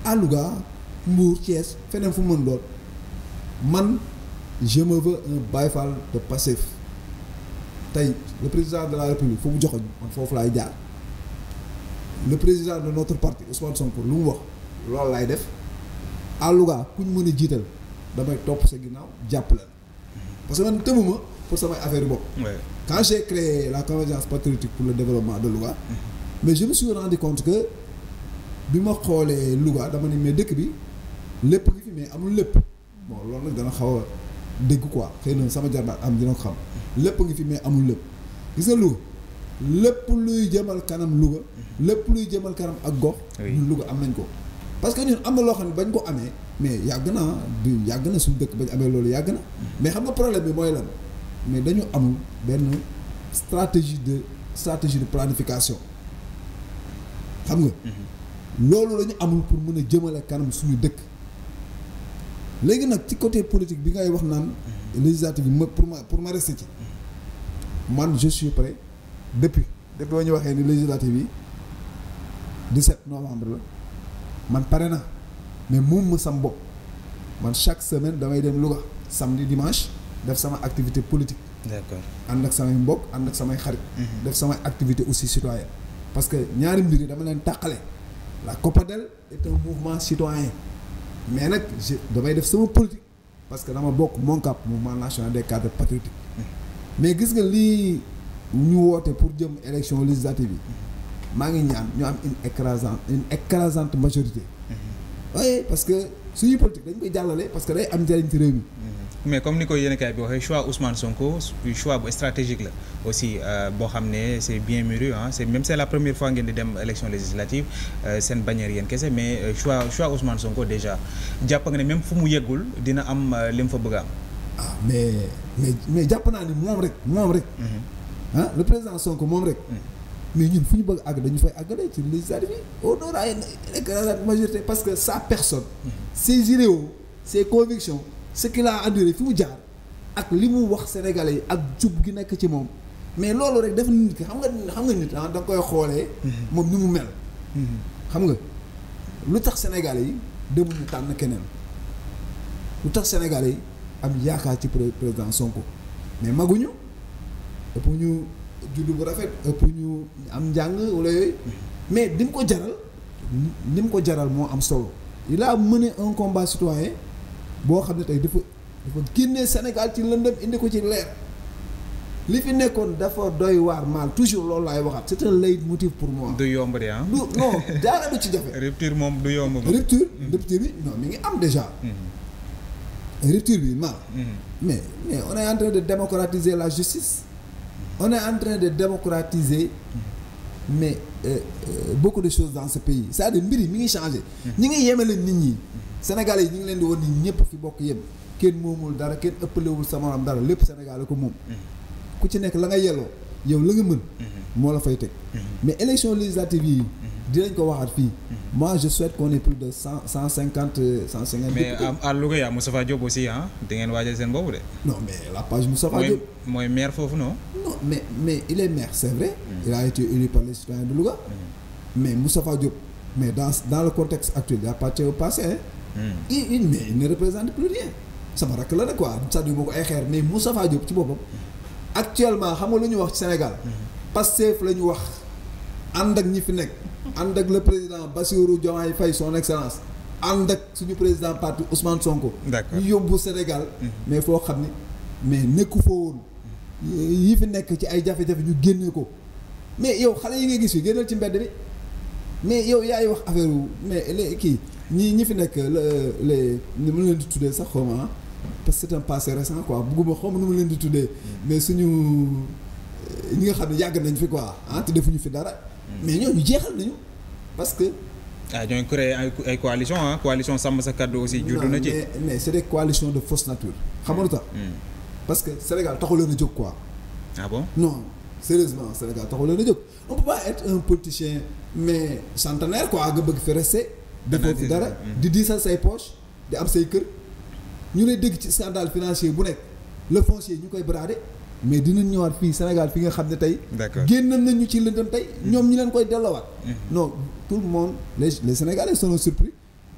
C: à Louga Mbour Thiès feneen fu mu mën doon man je me veux un Baye Fall de Pastef tey le président de la république fu mu joxoñ man foofu laay jaar le président de notre parti Ousmane Sonko lu mu wax loolu laay def à kuñ ku mën a jiital damay topp sa ginnaaw jàpp mhm. parce que man tëmuma pour samay affaire yi quand j'ai créé la convergence patriotique pour le développement de Louga mais je me suis rendu compte que bi ma xoolee Louga dama ne mais dëkk bi lépp ngi fi mais amul lépp bon loolu nag dana xaw a dégg quoi xëy sama jarbaat am dina ko xam lépp ngi fi mais amul lépp gis nga Louga lépp luy jëmal kanam Louga lépp luy jëmal kanam ak gox ñun Louga am nañ ko parce que ñun am na loo xam ne bañ ko amee mais yàgg naa du yàgg na suñu dëkk bañ amee loolu yàgg na mais xam nga problème bi mooy lan mais dañu amul benn stratégie de stratégie de planification xam nga.
D: Mhm.
C: loolu la ñu amul pour mën a jëmale kanam suñu dëkk. léegi nag ci côté politique bi ngay wax naan. Mhm. législative bi pour ma pour ma rester ci. Mhm. man je suis depuis depuis ba ñu waxee ni législative yi set novembre la man pare na mais moom ma sam bopp man chaque semaine damay dem Louga samedi dimanche. def sama activité politique. d'accord ànd ak samay mbokk ànd ak samay xarit. Mhm. def samay activité aussi citoyenne. parce que ñaari mbir yi dama leen tàqale la COPADEL est un mouvement citoyen mais nag je damay def sama politique parce que dama bokk MONCAP mouvement national des cadres patriotiques mhm. mais gis nga lii ñu woote pour jëm élection législative yi maa ngi ñaan ñu am une écrasante une écrasante majorité. Mhm. oui parce que suñuy politique dañ koy jàllale parce que day am njëriñ ci réew
A: mais comme ni ko yéen kaay bi waxee choix Ousmane Sonko choix bu stratégique la aussi euh, boo xam ne c' est bien mûri ah c' est même c' est la première fois ngeen di dem élection législative euh, seen bannière yéen kese mais euh, choix choix Ousmane Sonko déjà jàpp nga ne même fu mu yeggul dina am li mu fa bëgg a am.
C: ah mais mais jàpp naa ni moom rek moom rek. ah le président Sonko moom rek. Mhm. mais ñun fu ñu bëgg àgg dañu fay àggale ci législative yi au delà ay écrasante majorité parce que sa personne. Mhm. ses idéaux ses convictions. ce qu'il a enduré fi mu jaar ak li mu wax sénégalais yi ak jub gi nekk ci moom mais loolu rek def nit ki xam nga xam nga nit ah da nga koy xoolee. moom ni mu mel. xam nga lu tax sénégalais yi demuñu tànn keneen lu tax sénégalais yi am yaakaar ci président Sonko mais maguñu ëpp ñu juddu bu rafet ëpp ñu am njàng wala yooyu mais di ko jaral ni mu ko jaral moo am solo li laa a mené en combat citoyen boo xam ne tey dafa dafa génnee Sénégal ci lëndëm indi ko ci leer li fi nekkoon dafa doy waar maal toujours loolu laay waxaat c'est un leitmotiv pour moi.
A: du yomb de ah. du non daara ci jafe. rupture moom du yomb moom rupture
C: mm-hmm. rupture bi non mi ngi am déjà.
A: Mm-hmm. rupture bi maal. Mm-hmm.
C: mais mais on de démocratiser la justice. one est en train de démocratiser mais. Euh, beaucoup de choses dans ce pays c'est-à-dire mbir yi mi ngi changé. Mm-hmm. ñi ngi yemale nit ñi. Sénégalais yi ñu ngi leen di woon ni ñëpp fi bokk yem kenn moomul dara kenn ëppalewul sama morom dara lépp Sénégal ko moom.
D: Mm-hmm.
C: ku ci nekk la nga yelloo yow la nga mën. Mm-hmm. moo la fay teg. mais élection législative yi. dinañ ko waxaat fii. Mhm. moi je souhaite qu'on ait plus de cent cent cinquante cent cinquante. mais
A: à à Louga yaa Moustapha Diop aussi ah da ngeen waajal seen boobu de. non mais la page Moustapha Diop. mooy mooy maire foofu mais mais il est
C: mhm. de Louga. Mhm. mais Moustapha Diop mais dans dans le contexte actuel il appartient au passé hein. i il mais il ne représente plus rien. sama rakk la nag quoi c'est-à-dire ko ay xeer mais Moustapha Diop ci boppam. actuellement xam nga lu ñu wax ci Sénégal. Pastef la ñu wax ànd ak ñi fi nekk. ànd ak la président Bassirou Diomaye Faye son excellence ànd ak suñu président parti Ousmane Sonko. d'accord ñu yóbbu Sénégal. Mhm. mais foo xam ne mais nekku foo woon yi fi nekk ci ay jafe-jafe ñu génne ko mais yow xale yi nga gis yi génnal ci mbedd bi mais yow yaay wax affaire wu mais les kii ñii ñi fi nekk le les ni ma leen di tuddee sa xaw ma parce que c'est un passé récent quoi bugguma xaw ma nu ma leen di tuddee mhm. mais suñu ñi nga xam ne yàgg nañ fi quoi ah te defuñu fi dara mhm. mais ñooñu parce que.
A: ah ñooy créé ay ay coalition ah coalition sàmm sa kàddu aussi. juddu na ci mais
C: mais c'est des coalitions de fausse nature. xam nga lu hmm. parce que Sénégal taxul leen a jóg quoi. ah bon non sérieusement Sénégal taxul leen a jóg on peut pas être un politicien mais centenaire quoi nga bëgg fi rester. defoo fi dara di hmm. di diisal say poche di am say kër ñu lay dégg ci scandale financier bu nekk le foncier ñu koy brader. mais dinañ ñëwaat fii Sénégal fi nga xam ne tey. d'accord génnoon nañu ci lëndëm tey mm-hmm. ñoom ñu leen koy delloowaat. Mm-hmm. non tout le monde les les Sénégalais sont surpris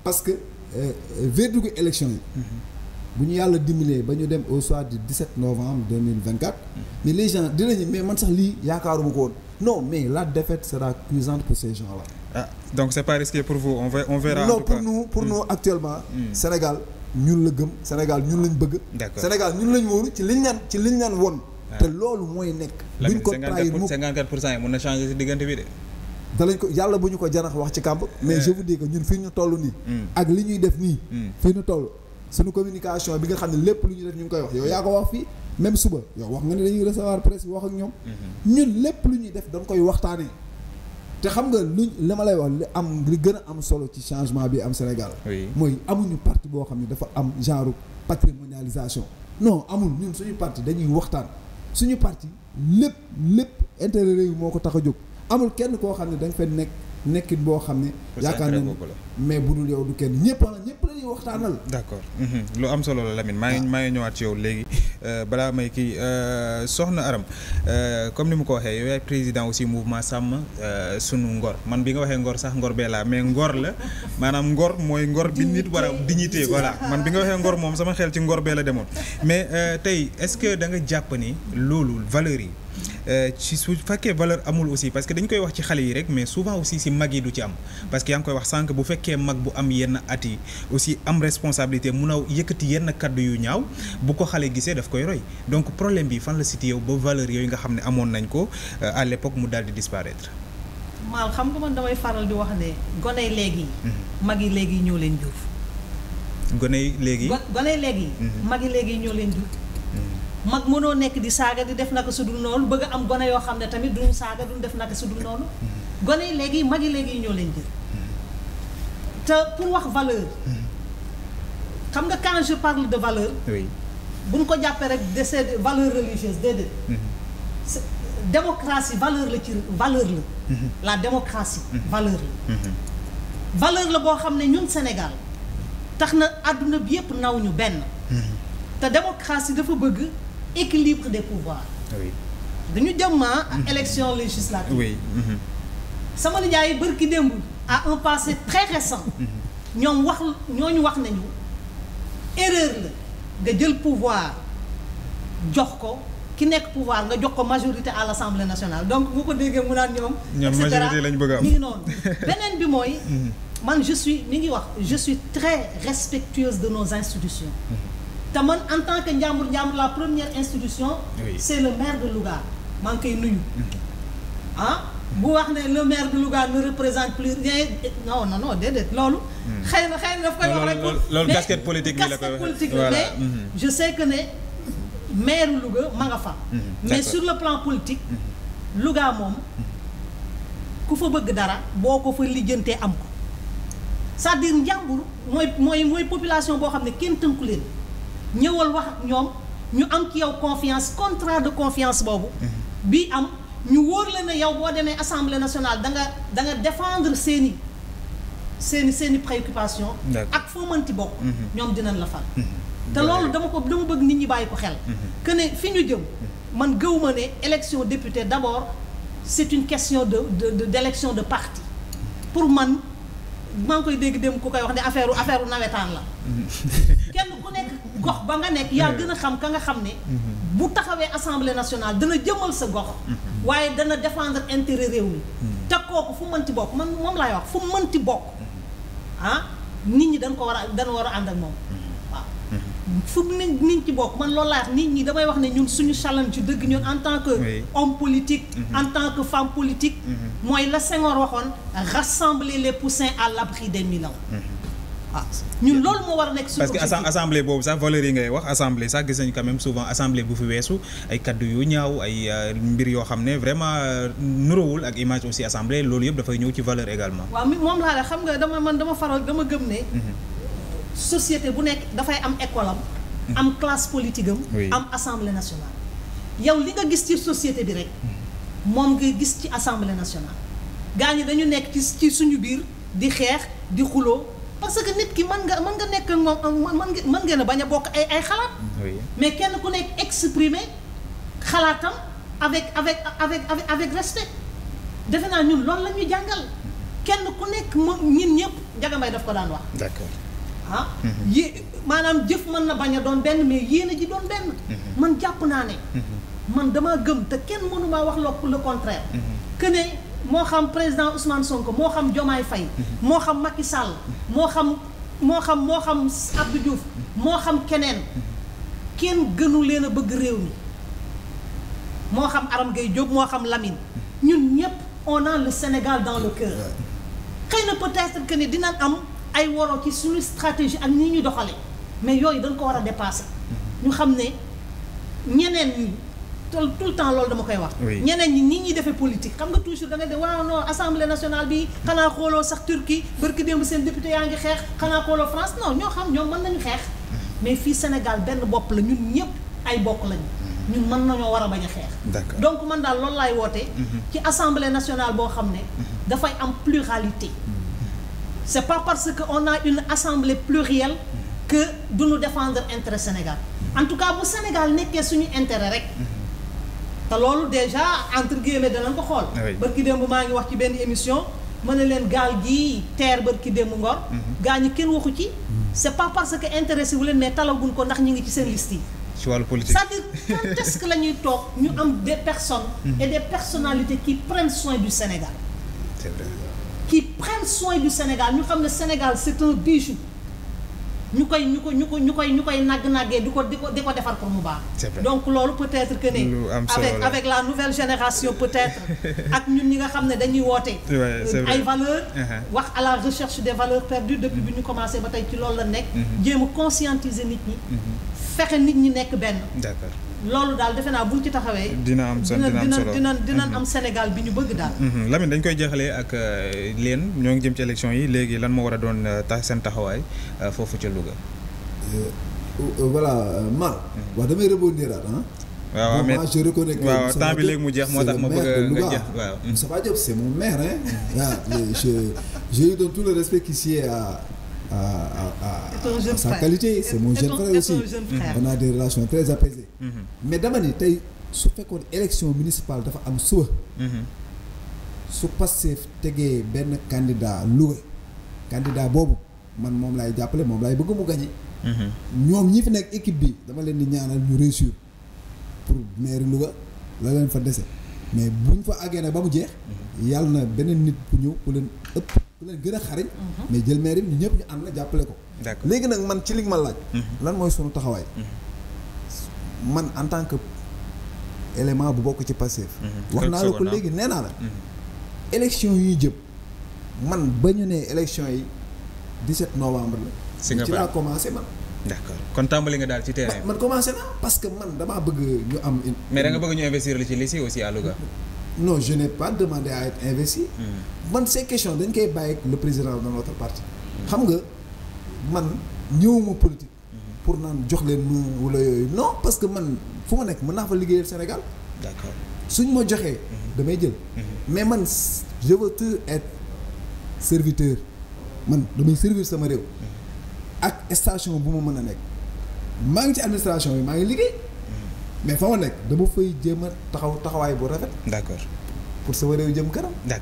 C: parce que euh, verdict gu élection yi.
A: Mm-hmm.
C: bu ñu yàlla dimbalee ba ñu dem au soir du 17 novembre 2024. mais les gens dinañu mais man sax lii yaakaaruma ko woon non mais la défaite sera cuisante pour ces gens-là.
A: ah donc c'est pour vous on va on verra. non pour nous pour mm. nous
C: actuellement. Mm. Sénégal ñun la gëm Sénégal ñun lañ bëgg.
A: Sénégal ñun lañ wóolu ci liñ naan ci liñ te loolu mooy nekk. buñ ko trahir mu 54 pour cent yi mun na changer si diggante bi de.
C: dalañ ko yàlla bu ñu ko janax wax ci kàmb. mais je vous dis ñun fii ñu toll nii. Mm. ak li ñuy def nii. Mm. fii ñu toll suñu communication bi nga xam ne lépp lu ñu def ñu ngi koy wax yow yaa ko wax fii même suba yow wax nga ne dañuy recevoir presse wax ak ñoom.
D: Mm-hmm.
C: ñun lépp lu ñuy def dañ koy waxtaanee. te xam nga luñ li ma lay wax li am li gën a am solo ci changement bi am Sénégal. mooy amuñu parti boo xam ne dafa am genre patrimonialisation. non amul ñun suñu parti dañuy waxtaan. suñu parti lépp lépp intérêt réew moo ko tax a jóg amul kenn koo xam ne da nga nekk nekkit boo xam ne yaakaar na mais bu dul yow du kenn ñëpp la ñëpp la ñuy waxtaanal.
A: d'accord mhm. lu am solo la Lamine maa ngi ah. maa ngi ñëwaat ci yow léegi euh, balaa may kii euh, soxna Aram euh, comme ni mu ko waxee yow yaay président aussi mouvement sàmm sunu ngor man bi nga waxee ngor sax ngor bee laa mais ngor la maanaam ngor mooy ngor bi nit war a dignité voilà man bi nga waxee ngor moom sama xel ci ngor bee la demoon mais tey est-ce que da nga jàpp ni loolu valeur yi. su fekkee valeur amul aussi parce que dañ koy wax ci xale yi rek mais souvent aussi si mag yi du ci am parce que que yaa ngi koy wax sànq bu fekkee mag bu am yenn at yi aussi am responsabilité mun a yëkkati yenn kaddu yu ñaaw bu ko xale gisee daf koy roy donc problème bi fan la cité yow ba valeur yooyu nga xam ne amoon nañ ko euh, à l'époque mu daal di disparaître.
B: maal xam nga man damay faral di wax ne gone léegi. Mhm. mag yi léegi ñoo leen jur.
A: gone léegi
B: gone léegi. Mhm. mag yi léegi ñoo leen jur. Mhm. mag mënoo nekk di saaga di def naka su dul noonu bëgg am gone yoo xam ne tamit duñ saaga duñ def naka su dul noonu. gone léegi te pour wax valeur. xam nga quand je parle de valeur. oui bu ñu ko jàppee rek de ces valeurs religieuses déedéet. Mm-hmm. démocratie valeur la ci la. Mm-hmm. la démocratie. Mm-hmm. valeur la. valeur la boo xam ne ñun Sénégal tax na àdduna bi yépp naw ñu benn. te démocratie dafa bëgg équilibre des pouvoirs. dañu jëm ah, élection législative. oui. sama nijaay bërki démb. à un passé très récent ñoom wax ñooñu wax nañu erreur la nga jël pouvoir jox ko ki nekk pouvoir nga jox ko majorité à l'Assemblée nationale donc bu ko déggee mu naan ñoom ñoom majorité lañ bëgg a am nii noonu beneen bi mooy mhm. man je suis mi ngi wax je suis très respectueuse de nos institutions mhm. te man en tant que Njàmbur Njàmbur la première institution c'est le maire de Louga maa ngi nuyu mhm. ah, bu wax ne le maire de Louga ne représente plus rien non non non déedéet loolu. Hmm. xëy na xëy na daf koy wax rek. loolu loolu casquette
A: politique bi la koy hmm.
B: je sais que ne maire Louga ma nga fa.
A: Hmm. mais sur
B: le plan politique. Louga moom ku fa bëgg dara boo ko fa lijjantee am ko sa à dire njàmbur mooy mooy mooy population boo xam ne kenn tënku leen ñëwal wax ñoom ñu am ci yow confiance contrat de confiance boobu. bi am. ñu wóor la ne yow boo demee assemblée nationale danga nga da nga défendre seeni seeni seeni préoccupation ak foo mënti bokk mhm. ñoom dinañ la fal mhm. te loolu dama ko dama bëgg nit ñi bàyyi ko xel mhm. que ne fi ñu jëm man gëwuma ne élection député d'abord c'est une question de de de d'élection de parti pour man maa ngi koy dégg dem ku koy wax ne affaire affaire nawetaan la kenn ku nekk gox ba nga nekk yaa gën a xam ka nga xam ne bu taxawee assemblée nationale dana jëmal sa gox waaye dana defendre intérêt réew mi te kooku fu mënti bokk man moom laay wax fu mënti bokk ah nit ñi dañ ko war a dañ war a ànd ak moom fu mu ne nit ci bokk man loolu laa nit ñi damay wax ne ñun suñu challenge dëgg ñun en tant que homme politique mm-hmm. en tant que femme politique mm-hmm. mooy la Senghor waxoon rassembler les poussins à l'abri des milans mm-hmm. ah ñun loolu moo war a nekk. parce que
A: assemblée boobu sax valeur yi ngay wax assemblée sax gis nañu quand même souvent assemblée bu fi weesu ay kaddu yu ñaaw ay euh, mbir yoo xam ne vraiment euh, nuróowul ak image aussi assemblée loolu yëpp dafay ñëw ci valeur également.
B: waaw moom laa la xam nga dama man dama faral dama gëm ne. Mhm. société bu nekk dafay am école am. Mhm. am classe politique am. am assemblée nationale. yow li nga gis ci société bi rek. Mhm. moom nga gis ci assemblée nationale. gaa ñi dañu nekk ci ci suñu biir di xeex di xuloo. parce que nit ki mën nga mën nga nekk moom mën nga mën a bañ a bokk ay ay xalaat. mais kenn ku nekk exprimer xalaatam avec avec avec avec respect. defe naa ñun loolu la ñuy jàngal kenn ku nekk ñun ñëpp Ndiaga def ko daan wax. d'accord ah. Mhm. yé maanaam jëf mën na bañ a doon benn mais yéen a ji doon benn. Mhm. man jàpp naa ne. Mhm. man damaa gëm te kenn mënu maa wax loo le contraire. que moo xam président Ousmane Sonko moo xam Diomaye fay moo xam Macky Sall moo xam moo xam moo xam Abdou Diouf moo xam keneen kenn gënu leen a bëgg réew mi moo xam Aram Gueye jóg moo xam lamin ñun ñëpp on a le Sénégal dans le cœur xëy na peut-être que ni dinañ am ay woro ci suñu stratégie ak ni ñuy doxale mais yooyu dañ ko war a dépasser ñu xam ne ñeneen ñi tout tout le temps loolu dama koy wax. ñeneen ñi nit ñi defee politique xam nga toujours da nga de waaw non assemblée nationale bi xanaa xooloo sax Turquie barki démb seen député yaa ngi xeex xanaa xooloo France non ñoo xam ñoom mën nañu xeex. mais fii Sénégal benn bopp la ñun ñëpp ay bokk lañu. ñun mën nañoo war a bañ a xeex. donc mën daal loolu laay wootee mhm. ci assemblée nationale boo xam ne. Mhm. dafay am pluralité. Mhm. c' est pas parce que on a une assemblée plurielle que du défendre intérêt Sénégal en tout cas bu Sénégal nekkee suñu intérêt rek. te loolu déjà entre guillemets danañ ko xool. barki démb maa ngi wax ci benn émission ma ne leen gaal gii teer barki démb ngor. Mhm. gaa ñi kenn waxu ci. Mhm. c'est pas parce que intéressé wu leen ne talaguñ ko ndax ñu ngi ci seen liste yi. ci wàllu politique cest à que la ñuy toog ñu am des personnes. Mhm. et des personnalités qui prennent soin du Sénégal. c'est vrai. qui prennent soin du Sénégal ñu xam ne Sénégal c'est un bijou. ñu koy ñu ko ñu ko ñu koy ñu koy nagg-naggee di ko di ko di ko defar pour mu baax donc loolu peut-être que ne avec la nouvelle génération peut-être ak ñun ñi nga xam ne dañuy woote ay valeurs uh-huh. wax à la recherche des valeurs perdues depuis bi ñu commencé ba tey ci loolu la nekk mm-hmm. jéem a conscientiser nit ñi
A: mm-hmm.
B: fexe nit ñi nekk benn loolu daal defe naa buñ ci taxawee.
A: dina am solo dina dina
B: mhm. bi ñu bëgg daal.
A: Mhm. Lamine dañ koy jeexalee ak leen euh, ñoo ngi jëm ci élection yi léegi lan moo war a doon euh, tax seen taxawaay euh, foofu ca Louga.
C: voilà Mar. Mhm. wax damay waaw mais moi je reconnais que. waaw temps bi léegi mu jeex moo tax ma bëgg nga jeex waaw. à, à, à sa frère. qualité c'est mon jeune frère aussi on a des relations mm-hmm. mais dama ni tey su fekkoon élection municipale dafa am suba mm-hmm. su Pastef tegee benn candidat Louga candidat boobu man moom laay jàppale moom laay bëgg mu gagné mm-hmm. ñoom ñi fi nekk équipe bi dama leen di ñaanal ñu réussir pour maire Louga la leen fa dese mais buñ fa àggee nag ba mu jeex yàlla na beneen nit bu ñëw ku leen ëpp ku gën a xariñ mais jël maire bi ñu ñëpp ñu ànd na jàppale ko léegi nag man ci li ma laaj mhm. lan mooy sunu taxawaay mhm. man en tant que élément bu bokk ci Pastef
D: mhm. wax naa la ko léegi nee
C: naa la élection yi jëpp man ba ñu ne élection yi
A: 17 novembre la ci laa commencé man d'accord kon tàmbali nga daal ci terrain man
C: commencé naa parce que man damaa bëgg ñu am mais da nga
A: bëgg ñu investir li ci lycée aussi à Louga
C: non je n'ai pas demandé à être
D: hmm.
C: man ces questions dañ koy bàyyi le président de notre parti xam nga man ñëwuma politique hmm. pour naan jox leen nu wula yooyu non parce que man fu ma nekk mën naa fa liggéeyal Sénégal d'accord suñ ma joxee hmm. damay jël mais man je veux tout serviteur man damay servir sama réew ak station bu ma mën a nekk maa ngi ci administration bi maa ngi liggéey mais fa ma nekk dama fay jéem a taxaw taxawaay bu rafet. d' accord. pour sama réew jëm kanam. d'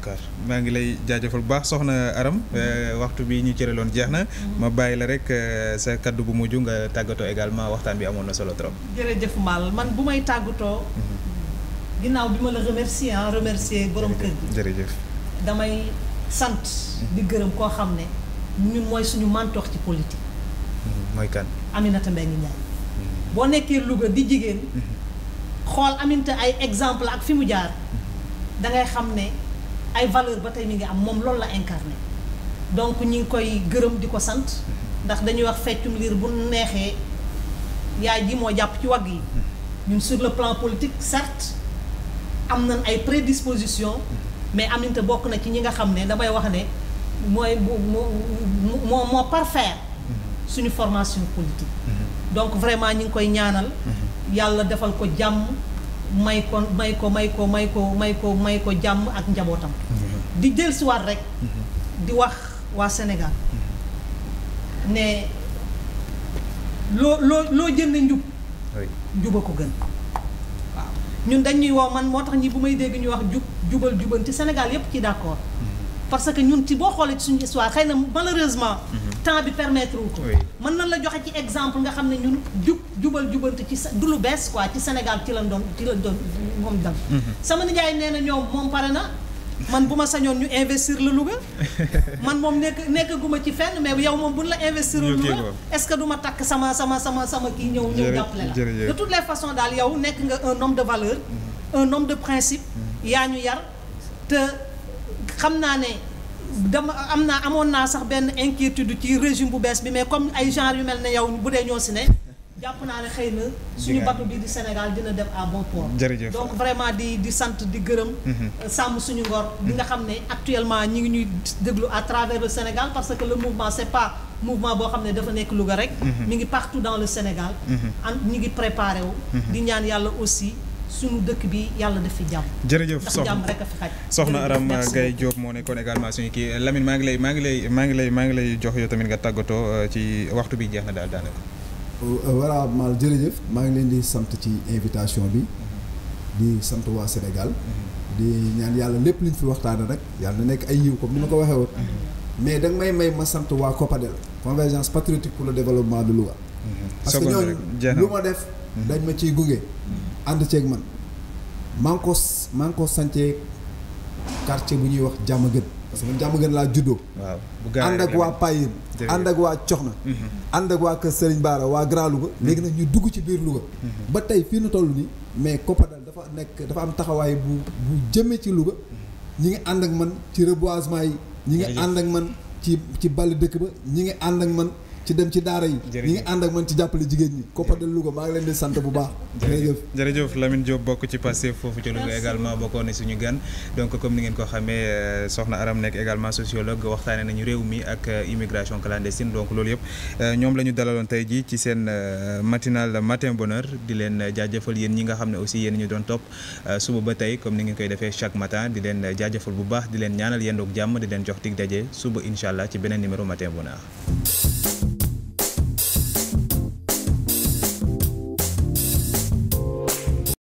A: maa ngi lay jaajëfal bu baax soxna Aram mm-hmm. eh, waxtu bi ñu cëraloon jeex na. Mm-hmm. ma bàyyi la rek eh, sa kaddu bu mujj nga tàggatoo également waxtaan bi amoon na solo trop.
B: jërëjëf Mal man bu may tàggatoo. Mm-hmm. ginnaaw bi ma la remercier en ah, remercier borom kër gi. jërëjëf damay sant. di gërëm koo xam ne ñun mooy suñu mentor ci politique. mooy kan boo nekkee Louga di jigéen mhm. xool aminte ay exemple ak fi mu jaar mhm. dangay xam ne ay valeur ba tey mi ngi am moom loolu la incarné donc ñi ngi koy gërëm di ko sant mhm. ndax dañuy wax feccum liir bu neexee yaay ji moo jàpp ci wagg yi ñun sur le plan politique certes am nañ ay prédisposition mais aminte bokk na ci ñi nga xam ne damay wax ne mooy moo moo parfaire suñu formation politique donc vraiment ñu ngi koy ñaanal. yàlla defal ko jàmm may ko may ko may ko may ko may ko may ko jàmm ak njabootam. Mhm. di jël dellusiwaat rek. Mhm. di wax waa Sénégal mhm. ne loo loo loo jënd njub. juba ko gën. waaw ñun dañuy woo man moo tax ñi bu may dégg ñu wax jub jubal jubal jubanti Sénégal yépp ci d'accord. parce que ñun ci boo xoolee ci suñu histoire xëy na malheureusement. temps bi permettre wu ko. mën nañ la joxe ci exemple nga xam ne ñun jub jubal jubante ci du lu bees quoi ci Sénégal ci lañ doon ci lañ doon moom dal mhm. sama nijaay nee na ñoom moom pare na. man bu ma sañoon ñu investir la Louga man moom nekk nekkaguma ci fenn mais yow moom buñ la investir la Louga est-ce que du ma takk sama sama sama sama kii ñëw ñëw jàppale la de toutes les façon daal yow nekk nga un homme de valeur mhm. un homme de principe mhm. yaa ñu yar te xam naa ne dama am na amoon naa sax benn inquiétude ci régime bu bees bi mais comme ay genre yu mel ne yow bu dee ñoo si ne jàpp naa ne xëy na suñu bateau bii di Sénégal dina dem à bon port jërëjëf donc vraiment di di sant di gërëm mhm. euh, sàmm suñu ngor bi nga xam ne actuellement ñi ngi ñuy déglu à travers le Sénégal parce que le mouvement c'est pas mouvement boo xam ne dafa nekk Louga rek mhm. mi ngi partout dans le Sénégal mhm. an ñi ngi préparé di ñaan yàlla aussi suñu dëkk bi yàlla def fi jàmm.
A: jërëjëf soxna
B: rek soxna Aram
A: Gaye Diop moo nekkoon également suñu kii Lamine maa ngi lay maa ngi lay maa ngi lay maa ngi lay jox yow tamit nga tàggatoo euh, ci waxtu bi jeex na daal daanaka.
C: Euh, voilà Mal jërëjëf maa ngi leen di sant ci invitation bi. Mm-hmm. di sant waa Sénégal. Mm-hmm. di ñaan yàlla lépp liñ fi waxtaanee rek yàlla na nekk ay yiw ko ni ma ko waxee woon. Mm-hmm. mais danga may may ma sant waa COPADEL. convergence patriotique pour le développement de Louga.
D: parce que ñooñu lu ma def. dañ
C: ma ciy gunge. ànd ceeg man maa ngi ko maa ngi ko sancee quartier bu ñuy wax jàmm gën parce que man jàmm gën laa juddoo. waaw ànd ak waa Payen. ànd ak waa Coxna. Mhm. ànd ak waa Kër Serigne Bara waa Grand Louga. Mhm. léegi nag ñu dugg ci biir Louga. Mhm. ba tey fii nu toll nii mais Copadal dafa nekk dafa am taxawaay bu bu jëmee ci Louga. ñi ngi ànd ak man ci reboisement yi. ñi ngi ànd ak man ci ci bàll dëkk ba ñi ngi ànd ak man. ci dem ci daara yi ñi ngi ànd ak man ci jàppale jigéen ñi Kopa de Louga maa ngi leen di
A: sant bu baax jërëjëf jërëjëf Lamine Diop bokk ci Pastef foofu ci Louga également bokkoon na suñu gan donc comme ni ngeen ko xamee euh, soxna Aram nekk également sociologue waxtaane nañu réew mi ak euh, immigration clandestine donc loolu yëpp euh, ñoom la ñu dalaloon tey ji ci seen matinal matin bonheur di leen jaajëfal yéen ñi nga xam ne aussi yéen ñu doon topp suba ba tey comme ni ngeen koy defee chaque matin di leen jaajëfal bu baax leen ñaanal yendoog jàmm di leen jox dig daje suba incha allah ci beneen numéro matin bonheur